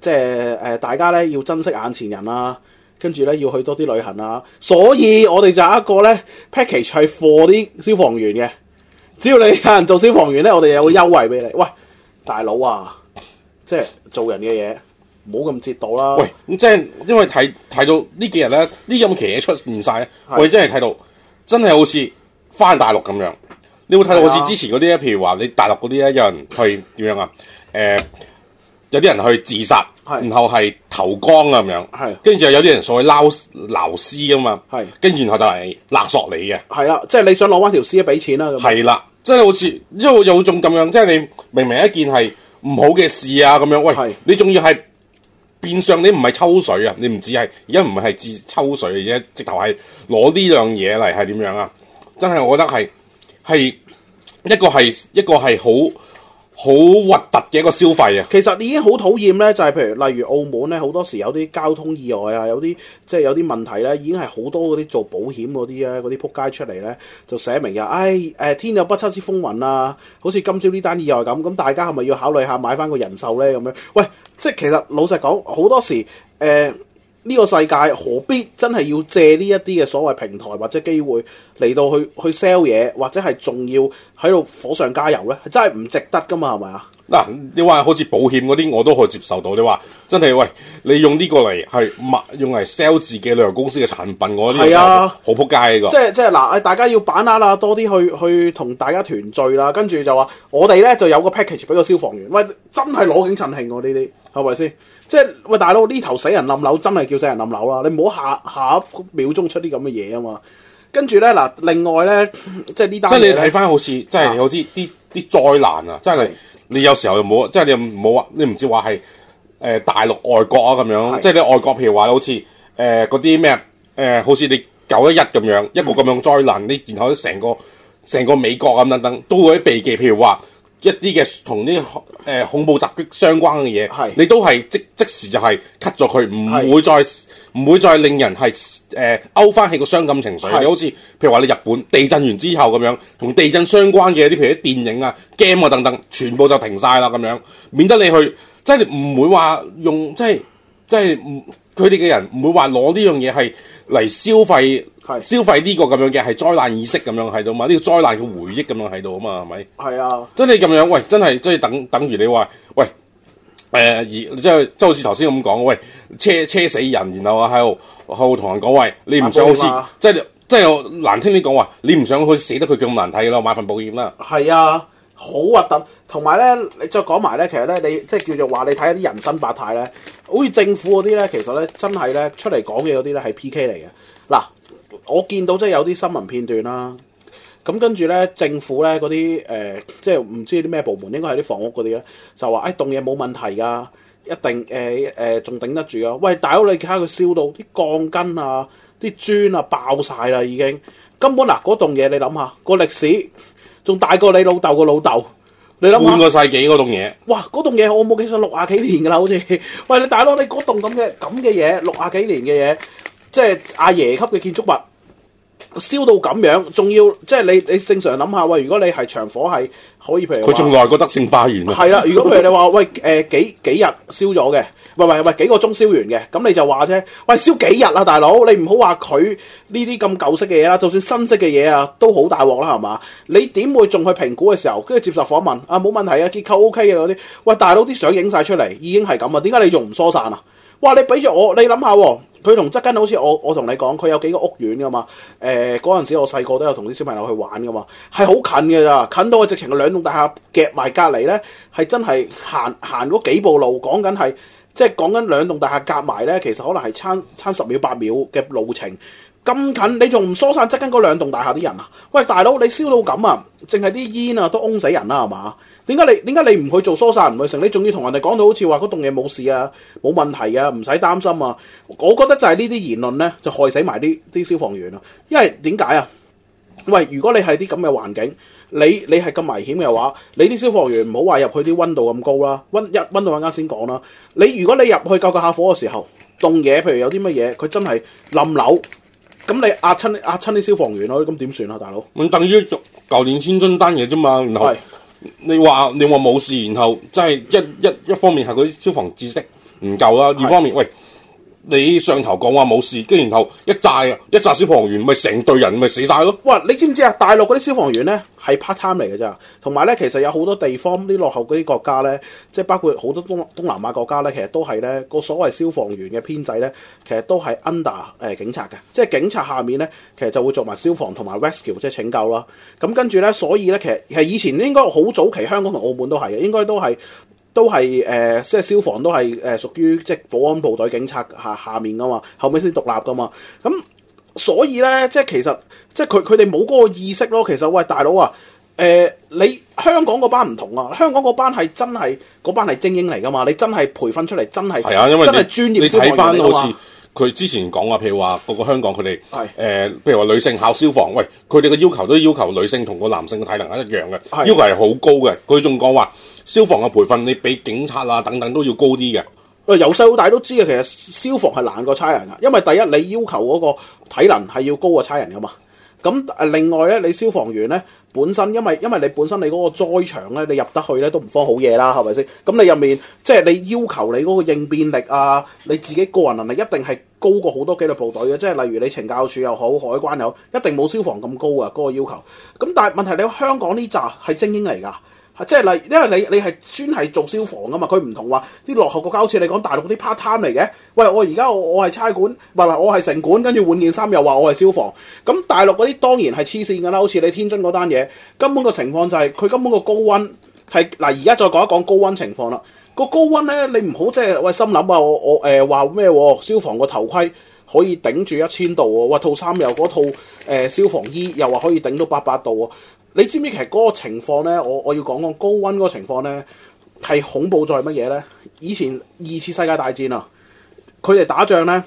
B: 即係誒、呃、大家咧要珍惜眼前人啦、啊，跟住咧要多去多啲旅行啦、啊。所以我哋就有一個咧 package 係 for 啲消防員嘅，只要你有人做消防員咧，我哋就有個優惠俾你。喂，大佬啊！即係做人嘅嘢，唔好咁折到啦。喂，咁
A: 即係因為睇睇到呢幾日咧，呢種奇嘢出現晒，我真係睇到，真係好似翻大陸咁樣。你會睇到好似之前嗰啲咧，譬如話你大陸嗰啲咧，有人去點樣啊？誒，有啲人去自殺，然後係投江啊咁樣。係，跟住又有啲人所謂撈撈屍啊嘛。係，跟住然後就係勒索你嘅。
B: 係啦，即係你想攞翻條屍啊，俾錢啦。係
A: 啦，即係好似，因為有種咁樣，即係你明明一件係。唔好嘅事啊，咁樣喂，是的 你仲要係變相你唔係抽水啊？你唔止係而家唔係只抽水嘅啫，直頭係攞呢樣嘢嚟係點樣啊？真係我覺得係，係，一個係，一個係好。好核突嘅一個消費啊！其實你已經好
B: 討厭咧，就係、是、譬如、例如澳門咧，好多時有啲交通意外啊，有啲即係有啲問題咧，已經係好多嗰啲做保險嗰啲啊，嗰啲扑街出嚟咧，就寫明嘅，唉、哎，誒、呃，天有不測之風雲啊！好似今朝呢單意外咁，咁大家係咪要考慮下買翻個人壽咧？咁樣，喂，即係其實老實講，好多時誒。呃呢個世界何必真係要借呢一啲嘅所謂平台或者機會嚟到去去 sell 嘢，或者係仲要喺度火上加油咧？係真係唔值得㗎嘛？係咪啊？
A: 嗱，你話好似保險嗰啲我都可以接受到。你話真係喂，你用呢個嚟係賣用嚟 sell 自己旅遊公司嘅產品，啲、這個，係啊，好仆街㗎。即係
B: 即係嗱，大家要把握啦，多啲去去同大家團聚啦、啊。跟住就話我哋咧就有個 package 俾個消防員，喂，真係攞景趁慶喎呢啲，係咪先？即係喂，大佬呢頭死人冧樓真係叫死人冧樓啦！你唔好下下一秒鐘出啲咁嘅嘢啊嘛！
A: 跟住咧嗱，另外咧即係呢單，即係你睇翻好似即係好似啲啲災難啊！即係你有時候又冇，即係你又唔好話你唔知話係誒大陸外國啊咁樣，是即係你外國譬如話好似誒嗰啲咩誒，好似你九一一咁樣、嗯、一個咁樣災難，你然後成個成個美國咁等等都會避忌，譬如話。一啲嘅同啲誒恐怖襲擊相關嘅嘢，是的 你都係即即時就係 cut 咗佢，唔是的 會再唔會再令人係誒、呃、勾翻起個傷感情緒。是的 你好似譬如話你日本地震完之後咁樣，同地震相關嘅啲譬如啲電影啊、game 啊等等，全部就停晒啦咁樣，免得你去即係你唔會話用，即係即係唔佢哋嘅人唔會話攞呢樣嘢係嚟消費。啊、消費呢個咁樣嘅，係災難意識咁樣喺度嘛？呢、這個災難嘅回憶咁樣喺度啊嘛，係咪？係啊，即係你咁樣喂，真係即係等等於你話喂誒，而即係即係好似頭先咁講喂，車車死人，然後我喺度喺度同人講喂，你唔想好似即係即係難聽啲講話，你唔想佢死得佢咁難睇啦，買份保險啦。
B: 係啊，好核突。同埋咧，你再講埋咧，其實咧，你即係叫做話你睇下啲人生百態咧，好似政府嗰啲咧，其實咧真係咧出嚟講嘅嗰啲咧係 PK 嚟嘅。我見到即係有啲新聞片段啦，咁跟住咧政府咧嗰啲誒，即係唔知啲咩部門，應該係啲房屋嗰啲咧，就話誒棟嘢冇問題噶，一定誒誒仲頂得住噶。喂大佬，你睇下佢燒到啲鋼筋啊、啲磚啊爆晒啦已經，根本嗱嗰棟嘢你諗下，個歷史仲大過你老豆個老豆，你諗下半個世紀嗰棟嘢。哇！嗰棟嘢我冇記錯六廿幾年噶啦，好似。喂你大佬，你嗰棟咁嘅咁嘅嘢，六廿幾年嘅嘢，即係阿爺級嘅建築物。燒到咁樣，仲要即係你你正常諗下喂，如果你係長火係可以，譬如佢仲耐
A: 過德勝花園啊！係啦，如果譬如
B: 你話喂誒、呃、幾幾日燒咗嘅，喂喂喂幾個鐘燒完嘅，咁你就話啫，喂燒幾日啊大佬，你唔好話佢呢啲咁舊式嘅嘢啦，就算新式嘅嘢啊都好大鑊啦係嘛？你點會仲去評估嘅時候，跟住接受訪問啊冇問題啊結構 O K 嘅嗰啲，喂大佬啲相影晒出嚟已經係咁啊，點解你仲唔疏散啊？哇你俾著我你諗下喎！佢同側跟好似我，我同你講，佢有幾個屋苑噶嘛？誒、呃，嗰陣時我細個都有同啲小朋友去玩噶嘛，係好近嘅咋，近到我直情兩棟大廈夾埋隔離呢，係真係行行嗰幾步路，講緊係即係講緊兩棟大廈夾埋呢，其實可能係差差十秒八秒嘅路程。咁近你仲唔疏散？側近嗰兩棟大廈啲人啊！喂，大佬你燒到咁啊，淨係啲煙啊都翁死人啦，係嘛？點解你點解你唔去做疏散唔去成？你仲要同人哋講到好似話嗰棟嘢冇事啊，冇問題啊，唔使擔心啊？我覺得就係呢啲言論咧，就害死埋啲啲消防員啊。因為點解啊？喂，如果你係啲咁嘅環境，你你係咁危險嘅話，你啲消防員唔好話入去啲溫度咁高啦，溫一溫度陣間先講啦。你如果你入去救佢下火嘅時候，棟嘢譬如有啲乜嘢，佢真係冧樓。咁你壓親壓親啲消防員咯，咁點算啊，大佬？
A: 咁等於舊年天津單嘢啫嘛，然後是你話你話冇事，然後即係一一一方面係嗰啲消防知識唔夠啊，是二方面喂你上頭講話冇事，跟然後一炸啊一炸消防員咪成隊人咪死晒咯、啊。哇！你知唔知啊？大陸嗰啲消防員咧？係 part time
B: 嚟嘅咋，同埋咧，其實有好多地方啲落後嗰啲國家咧，即係包括好多東東南亞國家咧，其實都係咧個所謂消防員嘅編制咧，其實都係 under 誒、呃、警察嘅，即係警察下面咧，其實就會做埋消防同埋 rescue 即係拯救啦。咁、嗯、跟住咧，所以咧，其實係以前應該好早期香港同澳門都係嘅，應該都係都係誒、呃，即係消防都係誒屬於即係保安部隊警察下下面噶嘛，後尾先獨立噶嘛，咁、嗯。所以咧，即係其實，即係佢佢哋冇嗰個意識咯。其實，喂，大佬啊，誒、呃，你香港嗰班唔同啊，香港嗰班係真係嗰班係精英嚟㗎嘛？你真係培訓出嚟，真係係啊，因為你真係專業你睇翻好似
A: 佢之前講話，譬如話個個香港佢哋係誒，譬的、呃、如話女性考消防，喂，佢哋嘅要求都要求女性同個男性嘅體能係一樣嘅，的要求係好高嘅。佢仲講話消防嘅培訓，你俾警察啊等等都要高啲嘅。喂，由細到大都知嘅，其實消防係難過差人啊，因為第一你要求嗰個
B: 體能係要高過差人噶嘛。咁誒另外咧，你消防員咧本身，因為因為你本身你嗰個災場咧，你入得去咧都唔慌好嘢啦，係咪先？咁你入面即係、就是、你要求你嗰個應變力啊，你自己個人能力一定係高過好多紀律部隊嘅，即係例如你懲教署又好，海關又好，一定冇消防咁高啊嗰、那個要求。咁但係問題你香港呢扎係精英嚟㗎。即係例，因為你你係專係做消防噶嘛，佢唔同話啲落後國家好似你講大陸嗰啲 part time 嚟嘅。喂，我而家我我係差館，喂，唔係我係城管，跟住換件衫又話我係消防。咁大陸嗰啲當然係黐線噶啦，好似你天津嗰單嘢，根本個情況就係、是、佢根本個高溫係嗱。而家再講一講高溫情況啦。個高溫咧，你唔好即係喂心諗啊！我我誒話咩？消防個頭盔可以頂住一千度喎，套衫又嗰套誒消防衣又話可以頂到八百度喎。你知唔知其實嗰個情況咧，我我要講講高温嗰個情況咧，係恐怖在乜嘢咧？以前二次世界大戰啊，佢哋打仗咧，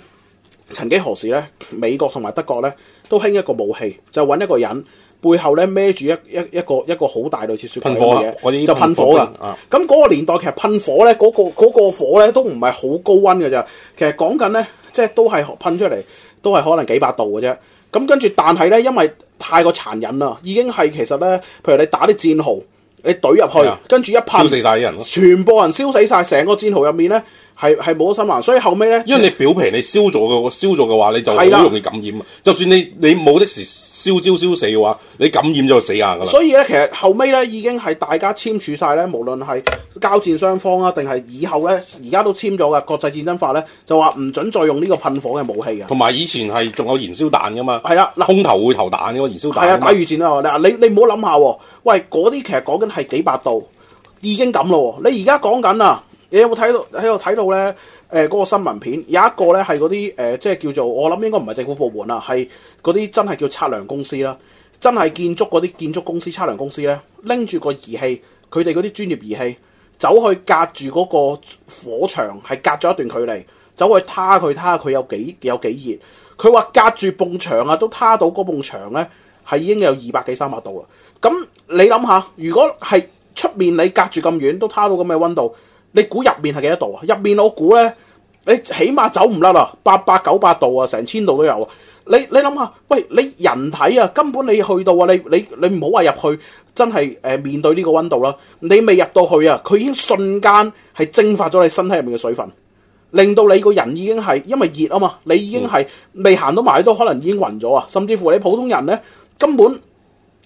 B: 曾幾何時咧，美國同埋德國咧都興一個武器，就揾一個人背後咧孭住一一一個一個好大類似雪茄嘅嘢，噴火，就噴火噶。咁嗰個年代其實噴火咧，嗰個嗰個火咧都唔係好高温噶咋，其實講緊咧，即係都係噴出嚟都係可能幾百度嘅啫。咁跟住，但係咧，因為太過殘忍啦，已經係其實咧，譬如你打啲戰壕，你
A: 懟入去，的跟住一噴，燒死了人了
B: 全部人燒死晒，成個戰壕入面咧係係冇心環，所
A: 以後尾咧，因為你表皮你燒咗嘅，燒咗嘅話你就好容易感染啊！的就算你你冇的時。燒焦燒死嘅話，你感染咗死硬噶啦。所以咧，其實
B: 後尾咧已經係大家簽署晒咧，無論係交戰雙方啊，定係以後咧，而家都簽咗嘅國際戰爭法咧，就話唔準再用呢個噴火嘅武器啊。同
A: 埋以前係仲有燃燒彈噶嘛，係啦的，嗱，空投會投彈嘅，呢個燃燒彈的。係啊的，打魚戰啦，嗱，你你唔好諗下
B: 喎，喂，嗰啲其實講緊係幾百度，已經咁咯。你而家講緊啊，你有冇睇到喺度睇到咧？誒嗰、呃嗰個新聞片有一個咧係嗰啲誒，即係叫做我諗應該唔係政府部門啊，係嗰啲真係叫測量公司啦，真係建築嗰啲建築公司測量公司咧，拎住個儀器，佢哋嗰啲專業儀器，走去隔住嗰個火牆，係隔咗一段距離，走去撻佢，撻佢有幾有幾熱。佢話隔住埲牆啊，都撻到嗰埲牆咧係已經有二百幾三百度啦。咁你諗下，如果係出面你隔住咁遠都撻到咁嘅温度？你估入面係幾多度啊？入面我估咧，你起碼走唔甩啦，八百九百度啊，成千度都有啊！你你諗下，喂，你人體啊，根本你去到啊，你你你唔好話入去，真係誒、呃、面對呢個温度啦，你未入到去啊，佢已經瞬間係蒸發咗你身體入面嘅水分，令到你個人已經係因為熱啊嘛，你已經係未行到埋都可能已經暈咗啊！甚至乎你普通人咧，根本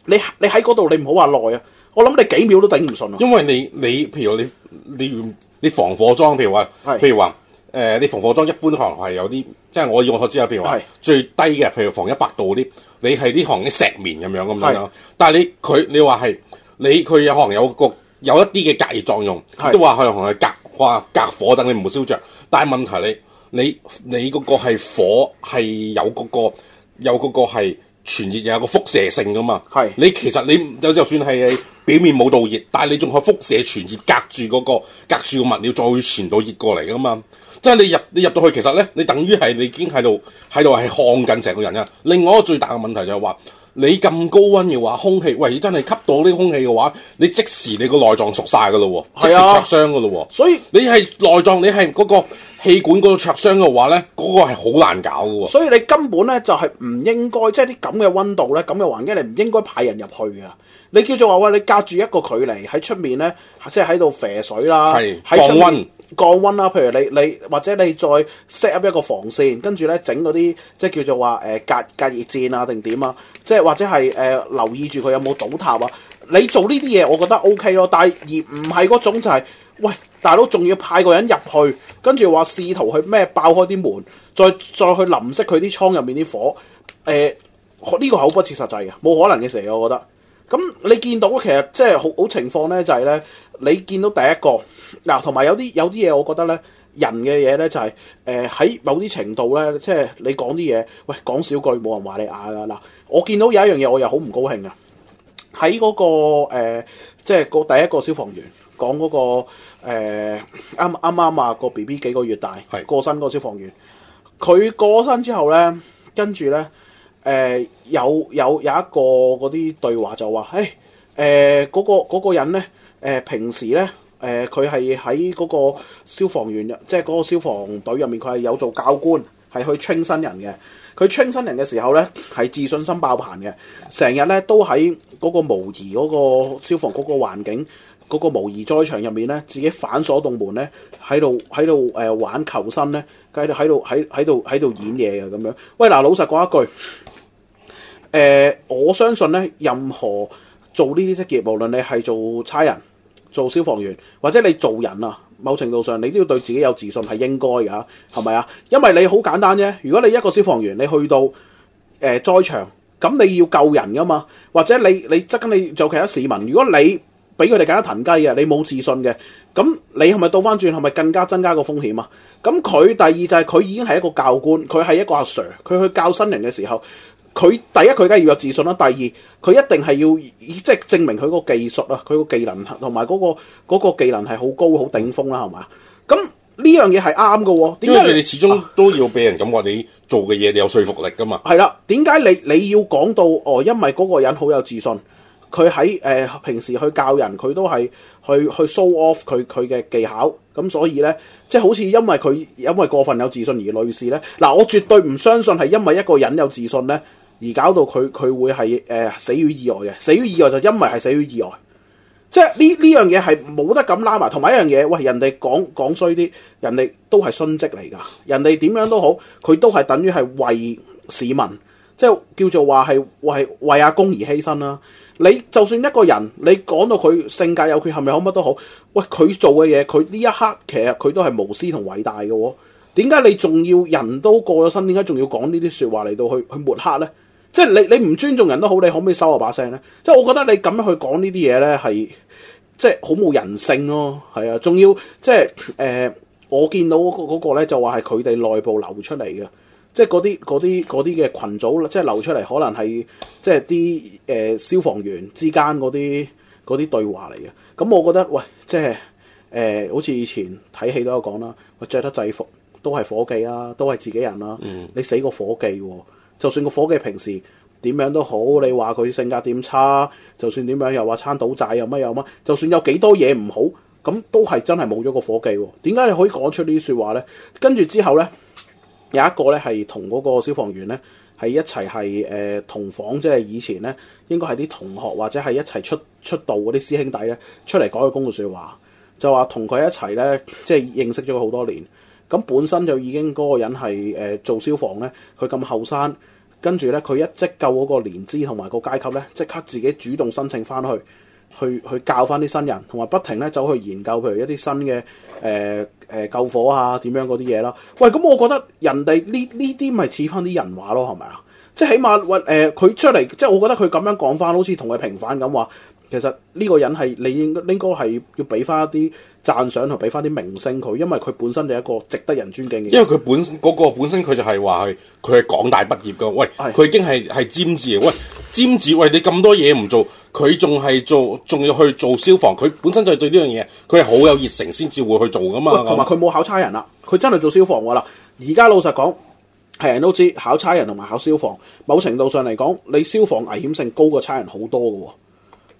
B: 你你喺嗰度你唔好話耐啊！我諗你幾秒都頂唔順啊！
A: 因為你你譬如你你你防火裝，譬如話，譬如話，誒，你防火裝是、呃、一般可能係有啲，即係我用我所知啊，譬如話是最低嘅，譬如防一百度啲，你係啲行啲石棉咁樣咁樣。是但係你佢你話係你佢有可能有個有一啲嘅隔熱作用，是都話係同係隔話隔火，等你唔會燒着。但係問題你你你嗰個係火係有嗰、嗰個有嗰、嗰個係。傳熱又有個輻射性噶嘛，是你其實你就就算係表面冇導熱，但係你仲可輻射傳熱，隔住嗰個隔住個物料再傳到熱過嚟噶嘛。即、就、係、是、你入你入到去，其實咧你等於係你已經喺度喺度係烘緊成個人啊。另外一個最大嘅問題就係話你咁高溫嘅話，空氣喂真係吸到啲空氣嘅話，你即時你個內臟熟晒噶咯喎，啊、即時灼傷噶咯喎。所以你係內臟，你係嗰、那個。氣管嗰、那個灼傷嘅話咧，嗰個係好難搞嘅喎。所
B: 以你根本咧就係唔應該，即係啲咁嘅溫度咧，咁嘅環境你唔應該派人入去啊。你叫做話喂、呃，你隔住一個距離喺出面咧，即係喺度啡水啦，是降溫降溫啦。譬如你你或者你再 set up 一個防線，跟住咧，整嗰啲即係叫做話誒、呃、隔隔熱氈啊，定點啊，即係或者係誒、呃、留意住佢有冇倒塌啊。你做呢啲嘢，我覺得 OK 咯。但係而唔係嗰種就係、是。喂，大佬，仲要派個人入去，跟住話試圖去咩爆開啲門，再再去淋熄佢啲倉入面啲火，誒呢個係好不切實際嘅，冇可能嘅事的，我覺得。咁你見到其實即係好好情況咧，就係、是、咧，你見到第一個嗱，同埋有啲有啲嘢，我覺得咧，人嘅嘢咧就係誒喺某啲程度咧，即係你講啲嘢，喂講少句冇人話你啊噶嗱，我見到有一樣嘢，我又好唔高興啊，喺嗰、那個、呃、即係個第一個消防員。講嗰、那個啱啱啱話個 B B 幾個月大，是過身嗰個消防員，佢過身之後咧，跟住咧誒有有有一個嗰啲對話就話，誒誒嗰個人咧，誒、呃、平時咧，誒佢係喺嗰個消防員，即係嗰個消防隊入面，佢係有做教官，係去 train 新人嘅。佢 train 新人嘅時候咧，係自信心爆棚嘅，成日咧都喺嗰個模擬嗰個消防局嗰個環境。嗰個模擬災場入面咧，自己反鎖棟門咧，喺度喺度誒玩求生咧，喺度喺度喺喺度喺度演嘢嘅咁樣。喂，嗱老實講一句，誒、呃、我相信咧，任何做呢啲職業，無論你係做差人、做消防員，或者你做人啊，某程度上你都要對自己有自信係應該嘅，係咪啊？因為你好簡單啫。如果你一個消防員，你去到誒、呃、災場，咁你要救人噶嘛，或者你你即係你做其他市民，如果你俾佢哋更加騰雞嘅，你冇自信嘅，咁你係咪倒翻轉，係咪更加增加個風險啊？咁佢第二就係、是、佢已經係一個教官，佢係一個阿 Sir，佢去教新人嘅時候，佢第一佢梗係要有自信啦，第二佢一定係要即係、就是、證明佢個技術啦，佢個技能同埋嗰個嗰個技能係好高好頂峰啦，係嘛？咁呢樣嘢係啱嘅，點解你
A: 始終都要俾人感覺你做嘅嘢 你有說服力噶嘛。係
B: 啦，點解你你要講到哦？因為嗰個人好有自信。佢喺誒平時去教人，佢都係去去 show off 佢佢嘅技巧咁，所以呢，即係好似因為佢因為過分有自信而累事呢。嗱，我絕對唔相信係因為一個人有自信呢，而搞到佢佢會係誒、呃、死於意外嘅死於意，意外就因為係死於意外，即係呢呢樣嘢係冇得咁拉埋。同埋一樣嘢，喂人哋講講衰啲，人哋都係殉職嚟㗎，人哋點樣都好，佢都係等於係為市民即係叫做話係為為阿公而犧牲啦、啊。你就算一個人，你講到佢性格有缺陷，咪好乜都好。喂，佢做嘅嘢，佢呢一刻其實佢都係無私同偉大㗎喎。點解你仲要人都過咗身？點解仲要講呢啲説話嚟到去去抹黑呢？即係你你唔尊重人都好，你可唔可以收下把聲呢？即係我覺得你咁樣去講呢啲嘢呢，係即係好冇人性咯。係啊，仲要即係誒，我見到嗰個呢，就話係佢哋內部流出嚟嘅。即係嗰啲啲啲嘅群組，即係流出嚟，可能係即係啲誒消防員之間嗰啲啲對話嚟嘅。咁、嗯、我覺得，喂，即係誒，好、呃、似以前睇戲都有講啦，著得制服都係夥計啦，都係、啊、自己人啦、啊。你死個夥計，就算個夥計平時點樣都好，你話佢性格點差，就算點樣又話撐賭債又乜又乜，就算有幾多嘢唔好，咁都係真係冇咗個夥計。點解你可以講出呢啲説話咧？跟住之後咧？有一個咧係同嗰個消防員咧係一齊係誒，同房，即係以前咧應該係啲同學或者係一齊出出道嗰啲師兄弟咧，出嚟講句公道說話，就話同佢一齊咧，即係認識咗佢好多年，咁本身就已經嗰個人係誒、呃、做消防咧，佢咁後生，跟住咧佢一即夠嗰個年資同埋個階級咧，即刻自己主動申請返去。去去教翻啲新人，同埋不停咧走去研究，譬如一啲新嘅誒誒救火啊，點樣嗰啲嘢啦。喂，咁我覺得人哋呢呢啲咪似翻啲人話咯，係咪啊？即係起碼喂誒，佢、呃、出嚟即係我覺得佢咁樣講翻，好似同佢平反咁話，其實呢個人係你應該你應該係要俾翻一啲讚賞同俾翻啲名聲佢，因為佢本身就係一個值得人尊敬嘅人。因為
A: 佢本嗰、嗰個本身佢就係話係佢係港大畢業噶，喂，佢的已經係係尖子喂，尖子，喂，你咁多嘢唔做。佢仲係做，仲要去做消防。佢本身就係對呢樣嘢，佢係好有熱誠，先至會去做噶嘛。同埋佢
B: 冇考差人啦，佢真係做消防噶啦。而家老實講，係人都知考差人同埋考消防，某程度上嚟講，你消防危險性高過差人好多噶。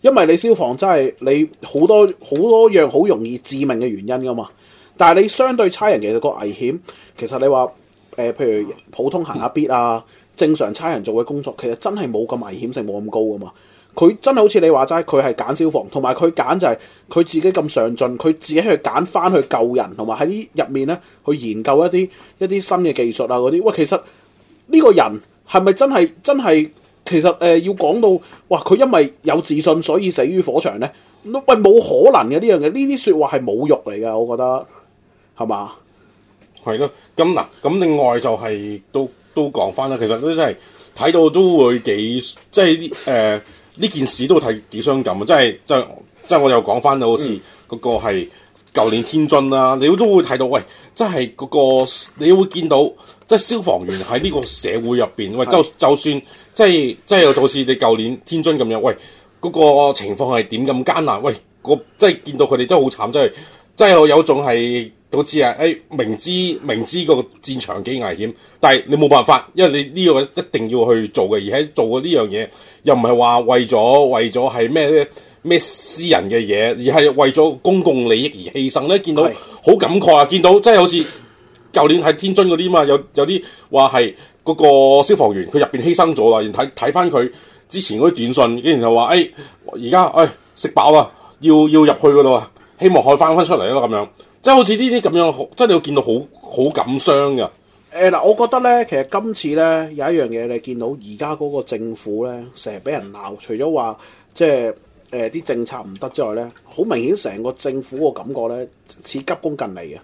B: 因為你消防真係你好多好多樣好容易致命嘅原因噶嘛。但係你相對差人其實個危險，其實你話誒、呃，譬如普通行下咇啊，嗯、正常差人做嘅工作，其實真係冇咁危險性，冇咁高噶嘛。佢真係好似你話齋，佢係揀消防，同埋佢揀就係佢自己咁上進，佢自己去揀翻去救人，同埋喺呢入面咧去研究一啲一啲新嘅技術啊嗰啲。喂，其實呢個人係咪真係真係其實誒、呃、要講到哇，佢因為有自信所以死於火場咧？喂，冇可能嘅呢樣嘢，呢啲説話係侮辱嚟嘅，我覺得係嘛？
A: 係咯，咁嗱，咁另外就係、是、都都講翻啦。其實都真係睇到都會幾即係啲誒。就是呃 呢件事都睇幾傷感啊！即係即係即係，即係即係，我又講翻啦，好似嗰，嗯、個係舊年天津啦，啊，你都會睇到喂，真係嗰，嗰個你會見到，即係消防員喺呢個社會入邊，嗯、喂，就係就，就算即係即係，又好似你舊年天津咁樣喂，嗰，嗰個情況係點咁艱難？喂，個即係見到佢哋真係好慘，真係真係有種係。都知啊！誒、哎，明知明知個戰場幾危險，但係你冇辦法，因為你呢個一定要去做嘅。而喺做過呢樣嘢，又唔係話為咗為咗係咩咩私人嘅嘢，而係為咗公共利益而犧牲咧。見到好是感慨啊！見到真係好似舊年喺天津嗰啲嘛，有有啲話係嗰個消防員佢入邊犧牲咗啦，然睇睇翻佢之前嗰啲短信，竟然後就話：誒而家誒食飽啦，要要，要入去嗰度啊，希望可以翻翻出嚟囉咁樣。即係好似呢啲咁樣，真係會見到好好感傷嘅。
B: 誒嗱，我覺得咧，其實今次咧有一樣嘢你見到而家嗰個政府咧，成日俾人鬧，除咗話即係誒啲政策唔得之外咧，好明顯成個政府個感覺咧似急功近利啊。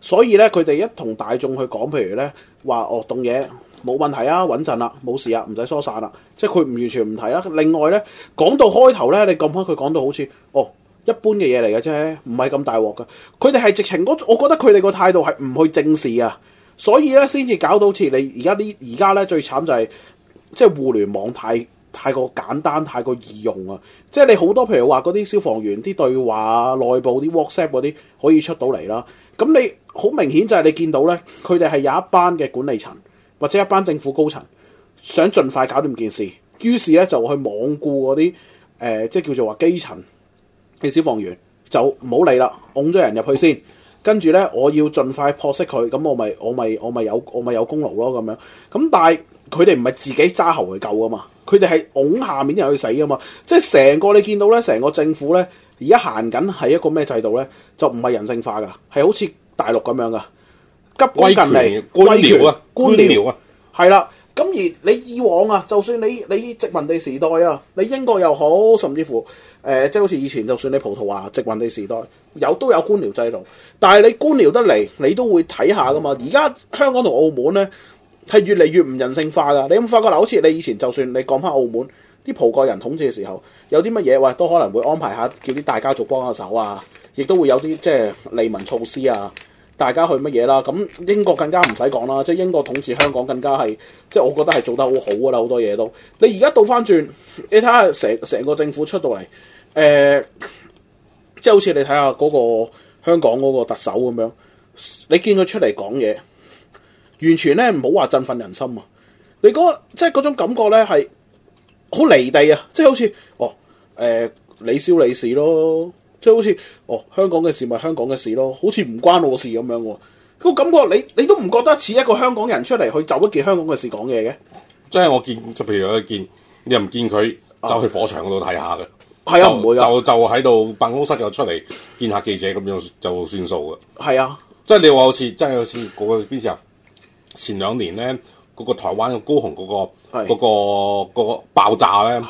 B: 所以咧，佢哋一同大眾去講，譬如咧話哦，凍嘢冇問題啊，穩陣啦，冇事啊，唔使疏散啦。即係佢唔完全唔提啦。另外咧，講到開頭咧，你撳開佢講到好似哦，一般嘅嘢嚟嘅啫，唔係咁大鑊噶。佢哋係直情我覺得佢哋個態度係唔去正視啊，所以咧先至搞到似你而家呢，而家咧最慘就係即係互聯網太太過簡單、太過易用啊！即係你好多譬如話嗰啲消防員啲對話、內部啲 WhatsApp 嗰啲可以出到嚟啦。咁你好明顯就係你見到咧，佢哋係有一班嘅管理層或者一班政府高層想盡快搞掂件事，於是咧就去罔顧嗰啲誒，即係叫做話基層。消防員就唔好理啦，拱咗人入去先，跟住咧，我要盡快撲熄佢，咁我咪我咪我咪有我咪有功勞咯。咁樣咁，但係佢哋唔係自己揸喉嚟救噶嘛，佢哋係拱下面啲人去死噶嘛，即係成個你見到咧，成個政府咧，而家行緊係一個咩制度咧，就唔係人性化噶，係好似大陸咁樣噶，急功近利官僚啊，官僚啊，係啦。咁而你以往啊，就算你你殖民地時代啊，你英國又好，甚至乎誒、呃，即係好似以前，就算你葡萄牙殖民地時代有都有官僚制度，但係你官僚得嚟，你都會睇下噶嘛。而家香港同澳門咧係越嚟越唔人性化噶。你有冇發覺？好似你以前就算你講翻澳門啲葡國人統治嘅時候，有啲乜嘢，喂都可能會安排下叫啲大家族幫下手啊，亦都會有啲即係利民措施啊。大家去乜嘢啦？咁英國更加唔使講啦，即係英國統治香港更加係，即係我覺得係做得好好噶啦，好多嘢都。你而家倒翻轉，你睇下成成個政府出到嚟，誒、呃，即係好似你睇下嗰個香港嗰個特首咁樣，你見佢出嚟講嘢，完全咧唔好話振奮人心啊！你嗰即係嗰種感覺咧係好離地啊！即係好似哦誒、呃，你燒你事咯～即係好似哦，香港嘅事咪香港嘅事咯，好似唔關我事咁樣喎、啊。個感覺你你都唔覺得似一個香港人出嚟去就一件香港嘅事講嘢嘅。
A: 即係我見就譬如我見你又唔見佢走、啊、去火場嗰度睇下嘅。係啊，唔就會啊。就就喺度辦公室又出嚟見下記者咁樣就算數嘅。係啊，即係你話好似真係好似嗰個邊時啊？前兩年咧嗰個台灣嘅高雄嗰個嗰爆炸咧。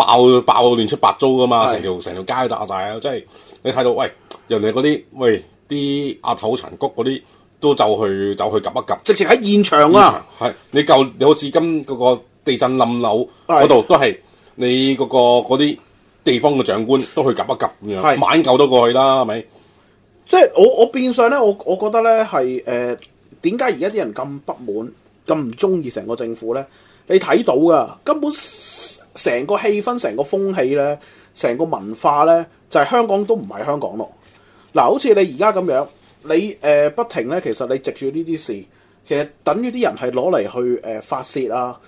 A: 爆爆亂出八粥噶嘛，成條成條街都炸晒。啊！即係你睇到，喂人哋嗰啲喂啲阿頭陳菊嗰啲都就去走去夾一夾，直接喺現場啊！係你舊你好似今嗰個地震冧樓嗰度都係你嗰、嗰個嗰啲地方嘅長官都去夾一夾咁樣，晚是救都過去啦，係咪？
B: 即係我我變相咧，我我覺得咧係誒，點解而家啲人咁不滿咁唔中意成個政府咧？你睇到噶根本。根本成個氣氛、成個風氣咧，成個文化咧，就係、是、香港都唔係香港咯。嗱、啊，好似你而家咁樣，你誒、呃、不停咧，其實你藉住呢啲事，其實等於啲人係攞嚟去誒、呃、發泄啊，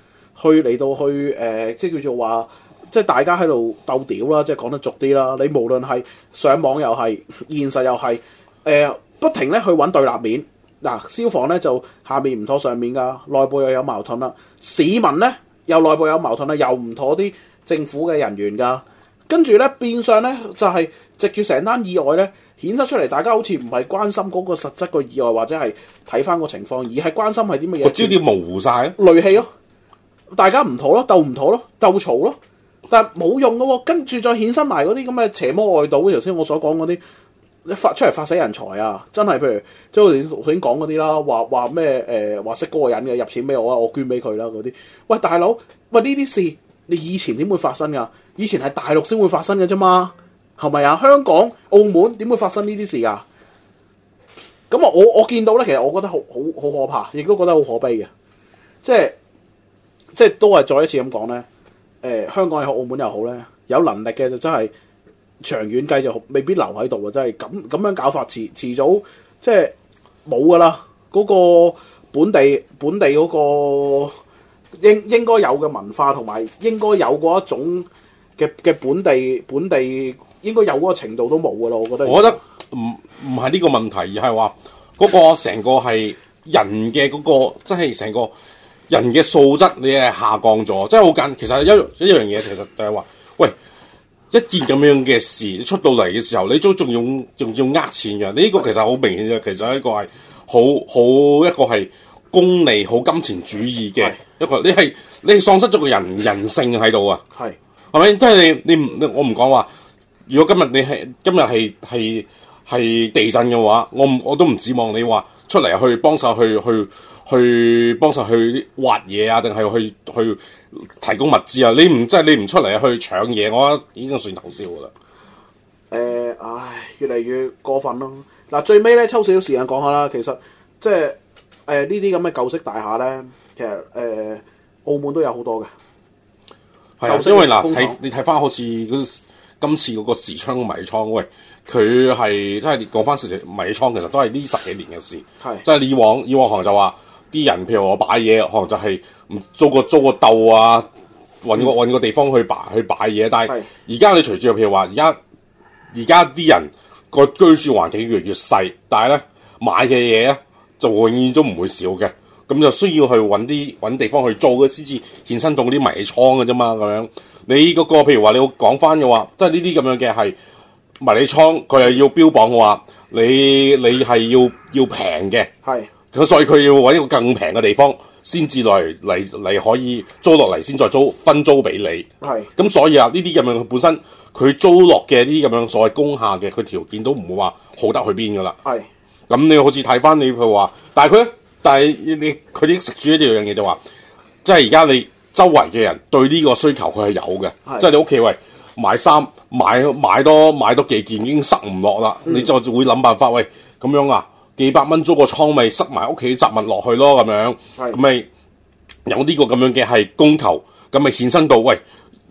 B: 去嚟到去誒、呃，即係叫做話，即係大家喺度鬥屌啦，即係講得俗啲啦。你無論係上網又係現實又係誒，不停咧去揾對立面。嗱、啊，消防咧就下面唔妥上面㗎，內部又有矛盾啦，市民咧。又內部有矛盾啦，又唔妥啲政府嘅人員噶，跟住咧變相咧就係藉住成單意外咧顯得出嚟，大家好似唔係關心嗰個實質個意外，或者係睇翻個情況，而係關心係啲乜嘢？焦點
A: 模糊曬，
B: 濾氣咯，大家唔妥咯，鬥唔妥咯，鬥嘈咯，但冇用嘅喎，跟住再顯出埋嗰啲咁嘅邪魔外道，頭先我所講嗰啲。你發出嚟，發死人才啊！真係，譬如即係頭先講嗰啲啦，話話咩誒，話、呃、識個人嘅入錢俾我啊，我捐俾佢啦嗰啲。喂，大佬，喂呢啲事你以前點會發生噶？以前係大陸先會發生嘅啫嘛，係咪啊？香港、澳門點會發生呢啲事啊？咁啊，我我見到咧，其實我覺得好好好可怕，亦都覺得好可悲嘅，即係即係都係再一次咁講咧。誒、呃，香港又好，澳門又好咧，有能力嘅就真、是、係。長遠計就好，未必留喺度啊！真係咁咁樣搞法，遲遲早即係冇噶啦。嗰個本地本地嗰個應應該有嘅文化，同埋應該有嗰一種嘅嘅本地本地應該有嗰個程度都冇噶啦，我覺得。我覺得
A: 唔唔係呢個問題，而係話嗰個成個係人嘅嗰個，即係成個人嘅素質，你係下降咗，即係好緊。其實一一樣嘢，其實就係話，喂。一件咁樣嘅事出到嚟嘅時候，你都仲用仲要呃錢嘅？你呢個其實好明顯嘅，其實一個係好好一個係功利、好金錢主義嘅一個。是你係你係喪失咗個人人性喺度啊？係係咪？即係、就是、你你，你我唔講話。如果今日你係今日係係係地震嘅話，我我都唔指望你話出嚟去幫手去去去幫手去，去，去挖嘢啊，定係去去。去去提供物資啊！你唔即係你唔出嚟去搶嘢，我覺得已經算頭笑噶啦。
B: 誒、呃，唉，越嚟越過分咯。嗱，最尾咧抽少少時間講下啦。其實即係誒呢啲咁嘅舊式大廈咧，其實誒、呃、澳門都有好多
A: 嘅。係的因為嗱，睇、呃、你睇翻好似今次嗰個時昌迷你倉喂，佢係即係講翻時昌迷你倉，其實都係呢十幾年嘅事。係的，即係以往以往行就話。啲人譬如我擺嘢，可能就係、是、唔租個租個竇啊，揾個揾個地方去擺去擺嘢。但係而家你隨住譬如話，而家而家啲人個居住環境越嚟越細，但係咧買嘅嘢咧就永遠都唔會少嘅。咁就需要去揾啲揾地方去做，嘅，先至衍生到啲迷你倉嘅啫嘛。咁樣你嗰、那個譬如話，你講翻嘅話，即係呢啲咁樣嘅係迷你倉，佢又要標榜話你你係要要平嘅。係。佢所以佢要揾一個更平嘅地方，先至嚟嚟嚟可以租落嚟，先再租分租俾你。係咁是，所以啊，呢啲咁樣佢本身佢租落嘅呢啲咁樣所謂工廈嘅，佢條件都唔會話好得去邊噶啦。係咁是，你好似睇翻你佢話，但係佢，但係你佢已經食住一樣嘢就話，即係而家你周圍嘅人對呢個需求佢係有嘅，即係是你屋企喂買衫買買多買多幾件已經塞唔落啦，嗯、你就會諗辦法喂咁樣啊。幾百蚊租個倉咪塞埋屋企雜物落去咯咁樣，咁咪的有呢個咁樣嘅係供求，咁咪衍生到，喂，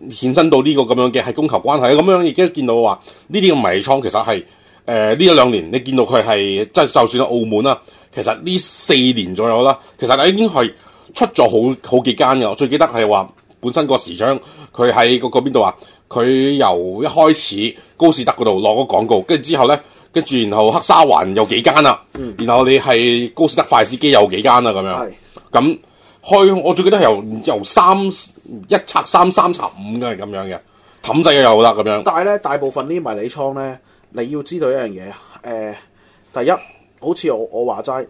A: 衍生到呢個咁樣嘅係供求關係，咁樣亦都見到話呢啲嘅迷你倉其實係誒呢一兩年，你見到佢係即係就算喺澳門啦，其實呢四年左右啦，其實已經係出咗好好幾間嘅。我最記得係話本身個時長佢喺嗰個邊度啊？佢由一開始高士德嗰度落個廣告，跟住之後咧。跟住，然後黑沙環有幾間啦，嗯、然後你係高士德筷子基有幾間啦，咁樣，咁開是我最記得由由三一拆三三拆五嘅係咁樣嘅，氹仔嘅又得咁樣。但
B: 係咧，大部分迷倉呢迷你倉咧，你要知道一樣嘢啊，第一好似我我話齋，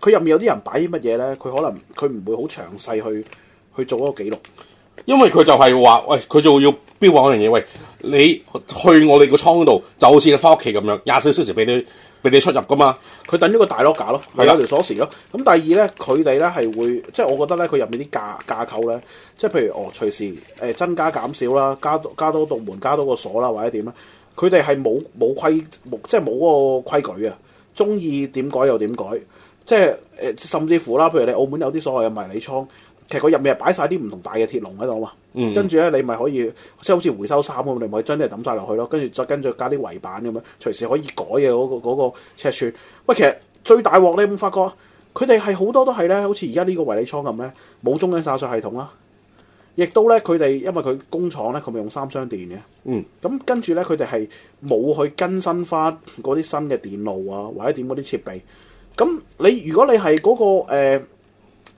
B: 佢入面有啲人擺啲乜嘢咧，佢可能佢唔會好詳細去去做嗰個記錄，
A: 因為佢就係話喂，佢、哎、就要標下一樣嘢喂。你去我哋個倉度，就好似你翻屋企咁樣，廿四小時俾你俾你出入噶嘛。佢等於個大攞架咯，係有條鎖匙咯。咁係第二
B: 咧，佢哋咧係會，即係我覺得咧，佢入面啲架架構咧，即係譬如哦，隨時誒、呃、增加減少啦，加加多道門，加多個鎖啦，或者點啊。佢哋係冇冇規，即係冇個規矩啊。中意點改又點改，即係誒、呃，甚至乎啦，譬如你澳門有啲所謂嘅迷你倉。其實佢入面係擺晒啲唔同大嘅鐵籠喺度嘛，跟住咧你咪可以即係好似回收衫咁，你咪將啲嘢抌晒落去咯，跟住再跟住加啲圍板咁樣，隨時可以改嘅嗰個嗰個尺寸。喂，其實最大鑊你有冇發覺？佢哋係好多都係咧，好似而家呢個迷你倉咁咧，冇中央灑水系統啦，亦都咧佢哋因為佢工廠咧，佢咪用三相電嘅，嗯，咁跟住咧佢哋係冇去更新翻嗰啲新嘅電路啊，或者點嗰啲設備。咁你如果你係嗰個呃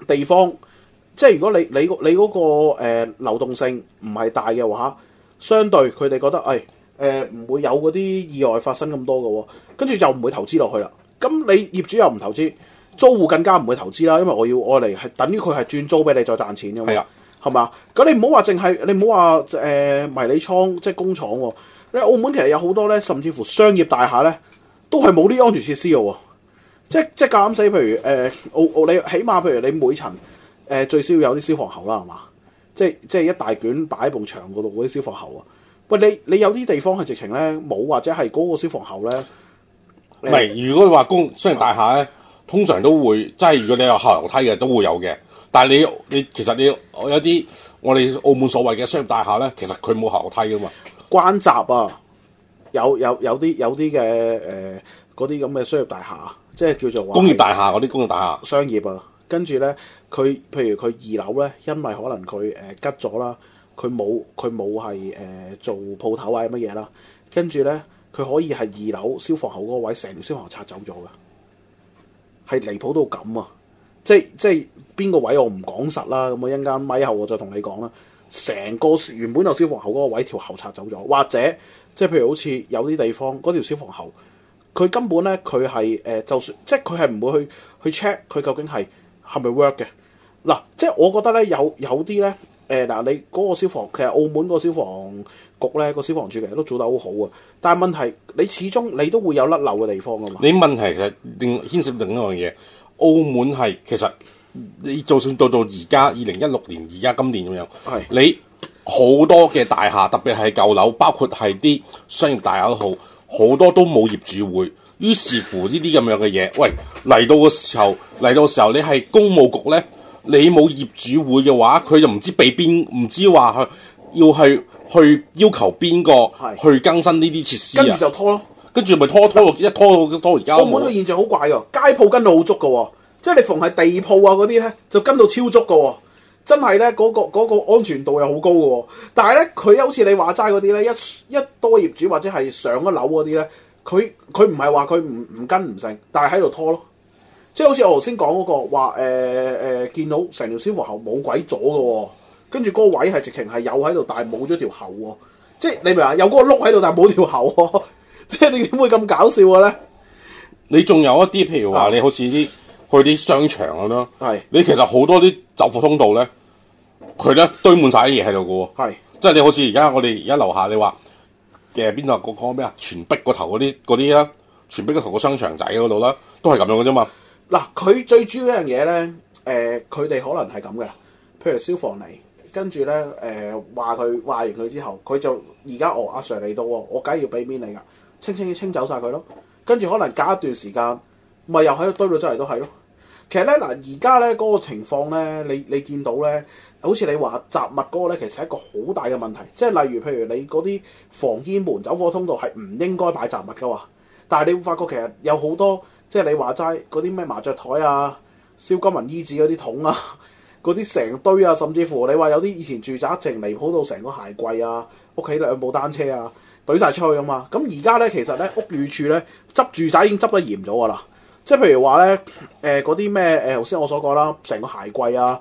B: 地方。即係如果你你嗰你嗰、那個、呃、流動性唔係大嘅話，相對佢哋覺得誒誒唔會有嗰啲意外發生咁多嘅喎，跟住就唔會投資落去啦。咁你業主又唔投資，租戶更加唔會投資啦，因為我要愛嚟係等於佢係轉租俾你再賺錢嘅嘛，係嘛、啊？咁你唔好話淨係你唔好話誒迷你倉即係工廠喎、哦。你澳門其實有好多咧，甚至乎商業大廈咧都係冇啲安全設施嘅喎、哦，即即係咁死。譬如誒澳澳，你起碼譬如你每層。誒最少要有啲消防喉啦，係嘛？即係即係一大卷擺喺埲牆嗰度嗰啲消防喉啊！喂，你你有啲地方係直情咧冇，或者係嗰個消防喉咧，
A: 唔係，如果你話工商業大廈咧，呃、通常都會即係如果你有後樓梯嘅都會有嘅。但係你你其實你有啲我哋澳門所謂嘅商業大廈咧，其實佢冇後樓梯㗎嘛。關閘啊，
B: 有有有啲有啲嘅誒嗰啲咁嘅商業大廈，即係叫做工業大廈
A: 嗰啲工業大廈，業大廈商業啊。
B: 跟住咧，佢譬如佢二樓咧，因為可能佢誒、呃、吉咗啦，佢冇佢冇係誒做鋪頭啊乜嘢啦。跟住咧，佢可以係二樓消防喉嗰位，成條消防喉拆走咗嘅，係離譜到咁啊！即係即係邊個位我唔講實啦，咁我一間咪後我再同你講啦。成個原本有消防喉嗰個位，條喉拆走咗，或者即係譬如好似有啲地方嗰條消防喉，佢根本咧佢係誒，就算即係佢係唔會去去 check 佢究竟係。係咪 work 嘅？嗱，即係我覺得咧，有有啲咧，誒、呃、嗱，你嗰個消防，其實澳門消、個消防局咧，個消防處其實都做得好好啊。但係問題，你始終你都會有甩漏嘅地方啊嘛。你
A: 問題其實另牽涉到另一樣嘢，澳門係其實你就算到到而家二零一六年而家今年咁樣，係是你好多嘅大廈，特別係舊樓，包括係啲商業大樓都好，好多都冇業主會。於是乎呢啲咁樣嘅嘢，喂嚟到嘅時候，嚟到嘅時候你係公務局咧，你冇業主會嘅話，佢就唔知俾邊，唔知話去要去去要求邊個去更新呢啲設施、啊、是跟住就拖咯，跟住咪拖拖一拖到一拖而家。澳門嘅現象好怪嘅，街鋪跟到好足
B: 嘅，即係你逢係地鋪啊嗰啲咧，就跟到超足嘅，真係咧嗰個、嗰個安全度又好高嘅。但係咧佢好似你話齋嗰啲咧，一一多業主或者係上一樓嗰啲咧。佢佢唔係話佢唔唔跟唔成，但係喺度拖咯，即係好似我頭先講嗰個話，誒誒、呃呃，見到成條消防喉冇鬼咗嘅，跟住嗰個位係直情係有喺度，但係冇咗條喉，即係你明嘛？有嗰個窿喺度，但係冇條喉，
A: 即 係你點會咁搞笑嘅咧？你仲有一啲，譬如話你好似啲、啊、去啲商場咁咯，係是你其實好多啲走火通道咧，佢咧堆滿晒啲嘢喺度嘅，係即係你好似而家我哋而家樓下你話。你嘅邊度個個咩啊？全壁個頭嗰啲嗰啲啦，全壁個頭個商場仔嗰度啦，都係咁樣嘅啫嘛。嗱，
B: 佢最主要一樣嘢咧，誒、呃，佢哋可能係咁嘅。譬如消防嚟，跟住咧，誒、呃，話佢話完佢之後，佢就而家我阿 sir 嚟到喎，我梗係要俾面你噶，清清清清走晒佢咯。跟住可能隔一段時間，咪又喺度堆到出嚟都係咯。其實咧，嗱，而家咧嗰個情況咧，你你見到咧。好似你話雜物嗰個咧，其實係一個好大嘅問題。即係例如，譬如你嗰啲防煙門、走火通道係唔應該擺雜物嘅喎。但係你會發覺其實有好多，即係你話齋嗰啲咩麻雀台啊、燒金銀衣紙嗰啲桶啊、嗰啲成堆啊，甚至乎你話有啲以前住宅直情離譜到成個鞋櫃啊、屋企兩部單車啊，懟晒出去啊嘛。咁而家咧，其實咧屋宇署咧執住宅已經執得嚴咗啊啦。即係譬如話咧，誒嗰啲咩誒頭先我所講啦，成個鞋櫃啊。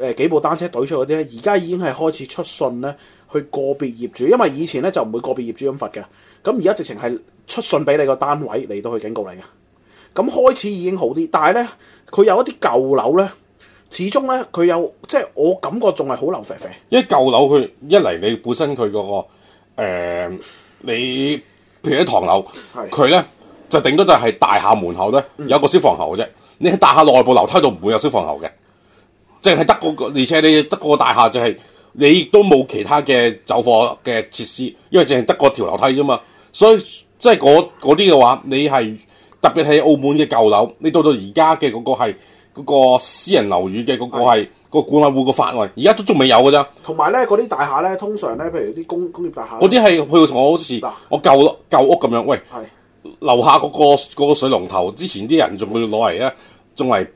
B: 誒幾部單車堆出嗰啲咧，而家已經係開始出信咧，去個別業主，因為以前咧就唔會個別業主咁罰嘅。咁而家直情係出信俾你個單位嚟到去警告你嘅。咁開始已經好啲，但係咧佢有一啲舊樓咧，始終咧佢有即係我感覺仲係好流肥肥。
A: 因為舊樓佢一嚟你本身佢嗰、嗰個、呃、你譬如喺唐樓，佢咧的就頂多就係大廈門口咧有一個消防喉嘅啫。嗯、你喺大廈內部樓梯度唔會有消防喉嘅。淨係得嗰個，而且你得個大廈就係，你亦都冇其他嘅走貨嘅設施，因為淨係得個條樓梯啫嘛。所以即係嗰啲嘅話，你係特別係澳門嘅舊樓，你到到而家嘅嗰個係嗰、嗰個私人樓宇嘅嗰個係的個管委會個範圍，而家都仲未有噶咋。
B: 同埋咧嗰啲大廈咧，通常咧，譬如啲工工業大廈，嗰啲
A: 係佢同我好似我舊舊屋咁樣。喂，係的樓下嗰、嗰個、嗰個水龍頭，之前啲人仲會攞嚟咧，仲嚟，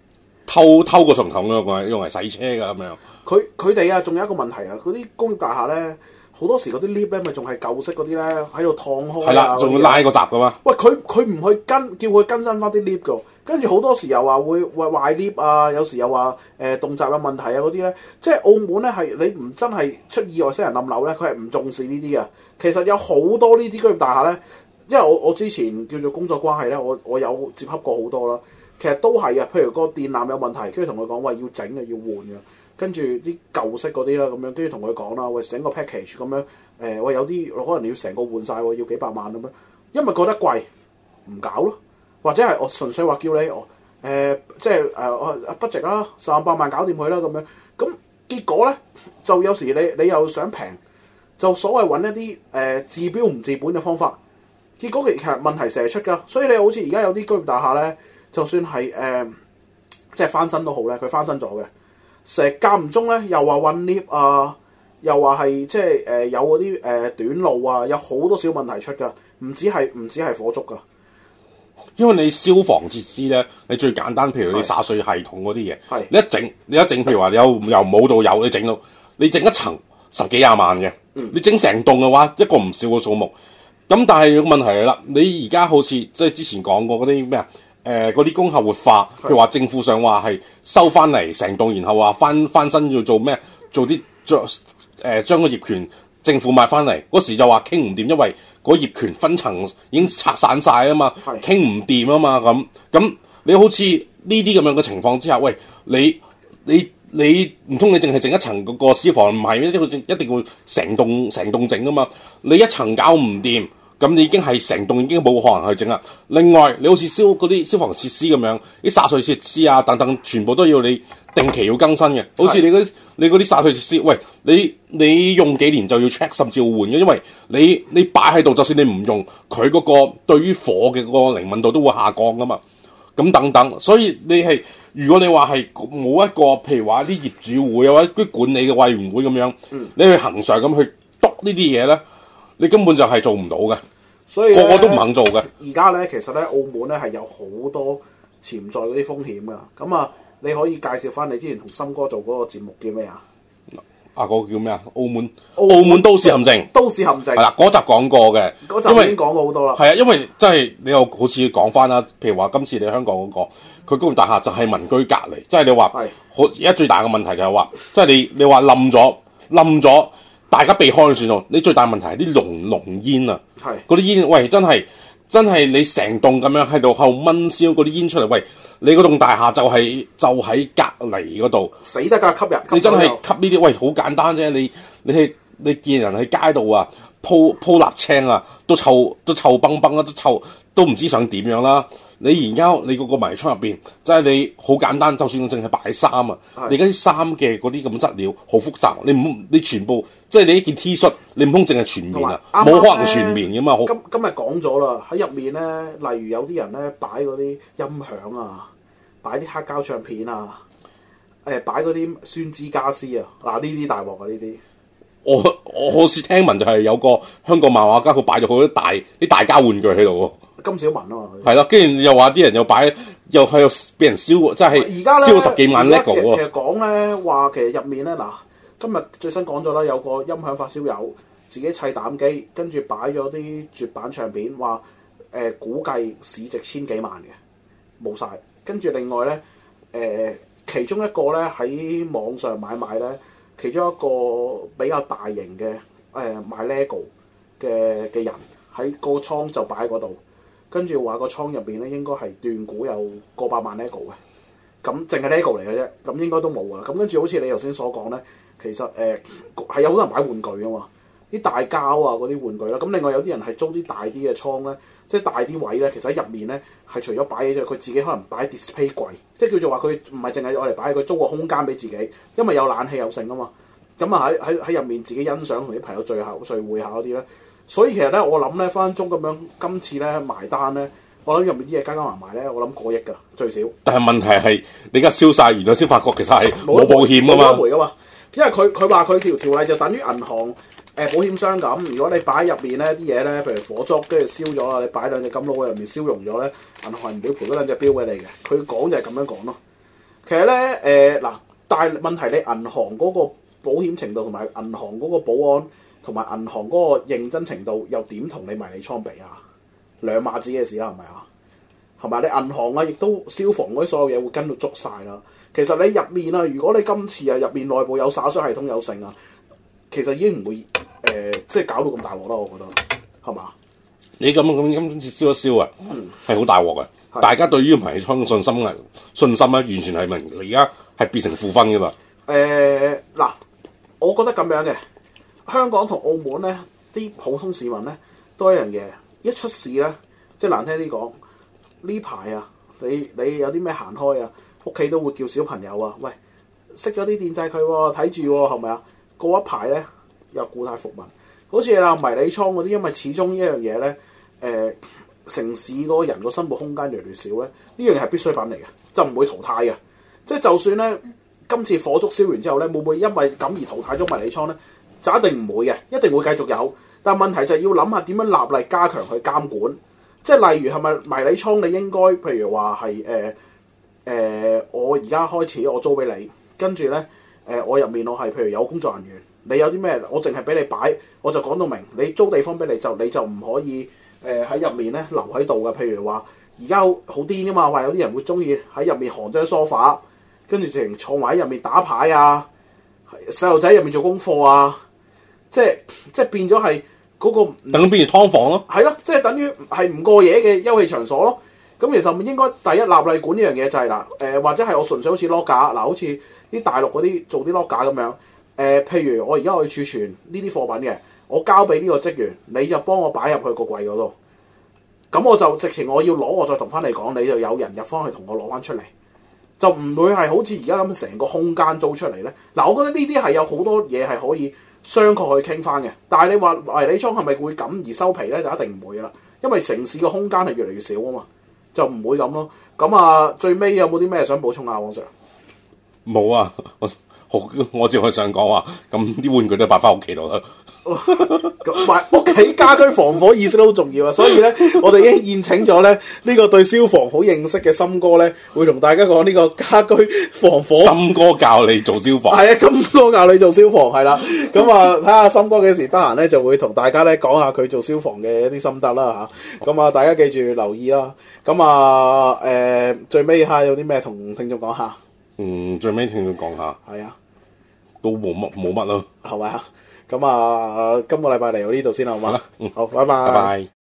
A: 偷偷個床筒咯，用嚟洗車噶咁樣。佢佢哋啊，仲有一個問題
B: 啊，嗰啲工
A: 業大廈咧，好多時嗰啲 lift 咧，咪仲係舊式嗰啲咧，喺度燙開啊，仲會拉個閘噶嘛。
B: 喂，佢佢唔去跟，叫佢更新翻啲 lift 噶，跟住好多時又話會壞 lift 啊，有時又話誒、呃、動閘嘅問題啊嗰啲咧，即係澳門咧係你唔真係出意外，死人冧樓咧，佢係唔重視呢啲嘅。其實有好多呢啲工業大廈咧，因為我我之前叫做工作關係咧，我我，我有接洽過好多啦。其實都係啊，譬如個電纜有問題，跟住同佢講話要整呀，要換呀，換舊，跟住啲舊式嗰啲啦，咁樣都要同佢講啦，喂，整個 package 咁樣，誒、呃，我有啲可能要成個換曬，要幾百萬咁樣，因為覺得貴唔搞咯，或者係我純粹話叫你我誒、呃，即係我不值啦，三、呃、百萬搞掂佢啦咁樣，咁結果咧就有時你你又想平，就所謂揾一啲誒、呃、治標唔治本嘅方法，結果其其實問題成日出㗎，所以你好似而家有啲居業大廈咧。就算係誒、呃，即係翻新都好咧，佢翻新咗嘅，成間唔中咧，又話混裂啊，又話係即係誒有嗰啲誒短路啊，有好多小問題出㗎，唔止係唔止係火燭㗎。因
A: 為你消防設施咧，你最簡單，譬如你灑水系統嗰啲嘢，是你一整你一整，譬如話有由冇到有，你整到你整一層十幾廿萬嘅，嗯、你整成棟嘅話一個唔少嘅數目。咁但係個問題係啦，你而家好似即係之前講過嗰啲咩啊？誒，嗰啲、呃、工廈活化，佢話的政府上話係收翻嚟成棟，然後話翻翻身要做咩？做啲將誒將個業權政府買翻嚟嗰時就話傾唔掂，因為嗰業權分層已經拆散晒啊嘛，傾唔掂啊嘛咁咁，你好似呢啲咁樣嘅情況之下，喂你你你唔通你淨係整一層嗰個私房唔係咩？一定一定會成棟成棟整啊嘛，你一層搞唔掂。咁你已經係成棟已經冇可能去整啦。另外，你好似消嗰啲消防設施咁樣，啲灑水設施啊，等等，全部都要你定期要更新嘅。是好似你嗰你啲灑水設施，喂，你你用幾年就要 check 甚至要換嘅，因為你你擺喺度，就算你唔用，佢嗰個對於火嘅嗰個靈敏度都會下降噶嘛。咁等等，所以你係如果你話係冇一個，譬如話啲業主會啊，或者啲管理嘅委員會咁樣，嗯、你去恆常咁去督呢啲嘢咧，你根本就係做唔到嘅。所以個個都唔肯做嘅。而
B: 家咧，其實咧，澳門咧係有好多潛在嗰啲風險㗎。咁啊，你可以介紹翻你之前同森哥做嗰個節目叫咩啊？
A: 啊，嗰個叫咩啊？澳門澳門都市陷阱。都
B: 市陷阱係啦，
A: 嗰集講過嘅。嗰集已經講過好多啦。係啊，因為即係你又好似講翻啦，譬如話今次你香港嗰個佢高層大廈就係民居隔離，即係你話，係好而家最大嘅問題就係話，即係你你話冧咗冧咗。大家避開就算囉，你最大問題係啲濃濃煙啊！係嗰啲煙，喂，真係真係你成棟咁樣喺度後燜燒嗰啲煙出嚟，喂，你嗰棟大廈就係、係、就喺隔離嗰度，死得㗎，吸入，吸你真係吸呢啲，喂，好簡單啫，你你你見人喺街度啊，鋪鋪瀝青啊，都臭都臭崩崩啊，都臭。都唔知想點樣啦！你而家你個個迷你倉入邊，即係你好簡單，就算淨係擺衫啊！是的 你而家啲衫嘅嗰啲咁質料好複雜，你唔你全部即係你呢件 T 恤，你唔通淨係全棉啊？冇可能全棉嘅嘛，好、啊嗯嗯！
B: 今今日講咗啦，喺入面咧，例如有啲人咧擺嗰啲音響啊，擺啲黑膠唱片啊，誒、呃、擺嗰啲酸枝家私啊，嗱呢啲大鑊啊呢啲！
A: 我我好似聽聞就係有個香港漫畫家佢擺咗好多大啲大家玩具喺度喎。金小文啊嘛，係啦，跟住又話啲人又擺，又係又俾人燒，即係而家燒十幾萬 lego 啊！其實
B: 講咧話，其實入面咧嗱，今日最新講咗啦，有個音響發燒友自己砌膽機，跟住擺咗啲絕版唱片，話誒估計市值千幾萬嘅冇曬。跟住另外咧，誒其中一個咧喺網上買賣咧，其中一個比較大型嘅誒賣 lego 嘅嘅人喺個倉就擺喺嗰度。跟住話個倉入邊咧，應該係斷估有過百萬 Lego 嘅，咁淨係 Lego 嚟嘅啫，咁應該都冇㗎。咁跟住好似你頭先所講咧，其實誒係、呃、有好多人擺玩具㗎嘛，啲大膠啊嗰啲玩具啦。咁另外有啲人係租啲大啲嘅倉咧，即係大啲位咧，其實喺入面咧係除咗擺嘢，佢自己可能擺 display 櫃，即係叫做話佢唔係淨係攞嚟擺，佢租個空間俾自己，因為有冷氣有剩㗎嘛。咁啊喺喺喺入面自己欣賞同啲朋友聚下聚會下嗰啲咧。所以其實咧，我諗咧分分鐘咁樣，今次咧埋單咧，我諗入面啲嘢加加埋埋咧，我諗過億噶最少。
A: 但係問題係，你而家燒曬完咗，你先發覺其實係冇保險噶嘛，冇得賠
B: 噶嘛。因為佢佢話佢條條例就等於銀行誒保險箱咁，如果你擺入面咧啲嘢咧，譬如火燭跟住燒咗啦，你擺兩隻金勞喺入面燒溶咗咧，銀行唔會賠嗰兩隻錶俾你嘅。佢講就係咁樣講咯。其實咧誒嗱，但係問題你銀行嗰個保險程度同埋銀行嗰個保安。同埋銀行嗰個認真程度又點同你迷你倉比啊？兩碼子嘅事啦，係咪啊？係咪你銀行啊，亦都消防嗰啲所有嘢會跟到捉晒啦？其實你入面啊，如果你今次啊入面內部有灑水系統有成啊，其實已經唔會誒，即、呃、係、就係、搞到咁大鑊啦。我覺得係嘛？
A: 係係你咁咁今次燒一燒啊，係好大鑊嘅。的大家對於迷你倉嘅信，信心啊，信心咧完全係明。而家係變成負分嘅嘛？
B: 誒嗱、呃，我覺得咁樣嘅。香港同澳門咧，啲普通市民咧都一樣嘢，一出事咧，即係難聽啲講呢排啊，你你有啲咩行開啊？屋企都會叫小朋友啊，喂，熄咗啲電掣佢睇住係咪啊，啊是是？過一排咧又故態復萌，好似啦迷你倉嗰啲，因為始終一樣嘢咧，誒、呃、城市嗰個人個生活空間越嚟越少咧，呢樣嘢係必需品嚟嘅，就唔會淘汰嘅。即係就算咧，今次火燭燒完之後咧，會唔會因為咁而淘汰咗迷你倉咧？就一定唔會嘅，一定會繼續有。但問題就係要諗下點樣立例加強去監管，即係例如係咪迷你倉，你應該譬如話係誒誒，我而家開始我租俾你，跟住咧誒，我入面我係譬如有工作人員，你有啲咩，我淨係俾你擺，我就講到明。你租地方俾你，就你就唔可以誒喺入面咧留喺度嘅。譬如話，而家好癲㗎嘛，話有啲人會中意喺入面墊張梳化，跟住直情坐埋喺入面打牌啊，細路仔入面做功課啊。即係即係變咗係嗰個，等咁變成劏房咯，啊，係咯，即係等於係唔過夜嘅休憩場所咯。咁其實我應該第一立例管呢樣嘢就係嗱誒，或者係我純粹好似攞架嗱，好似啲大陸嗰啲做啲攞架咁樣誒、呃，譬如我而家去儲存呢啲貨品嘅，我交俾呢個職員，你就幫我擺入去個櫃嗰度。咁我就直情我要攞，我再同翻嚟講，你就有人入翻去同我攞翻出嚟，就唔會係好似而家咁成個空間租出嚟咧。嗱、呃，我覺得呢啲係有好多嘢係可以。商榷去傾翻嘅，但係你話迷你倉係咪會咁而收皮咧？就一定唔會啦，因為城市嘅空間係越嚟越少啊嘛，就唔會咁咯。咁啊，最尾有冇啲咩想補充啊，黃 Sir？
A: 冇啊，我我只可以想講話，咁啲玩具都擺翻屋企度啦。
B: 咁埋屋企家居防火意識都好重要啊，所以咧，我哋已經宴請咗咧呢、呢個對消防好認識嘅森哥咧，會同大家講呢個家居防火。森
A: 哥教你做消防。係
B: 啊，森哥教你做消防，係啦。咁啊，睇下森哥幾時得閒咧，就會同大家咧講下佢做消防嘅一啲心得啦吓。咁啊，啊，大家記住留意啦。咁啊，誒、呃，最尾下有啲咩同聽眾講下？嗯，
A: 最尾聽眾講下。係啊，都冇乜冇乜咯，係咪啊？
B: 咁啊、呃，今個禮拜嚟到呢度先啦，好嘛？嗯， 好，拜拜。拜拜。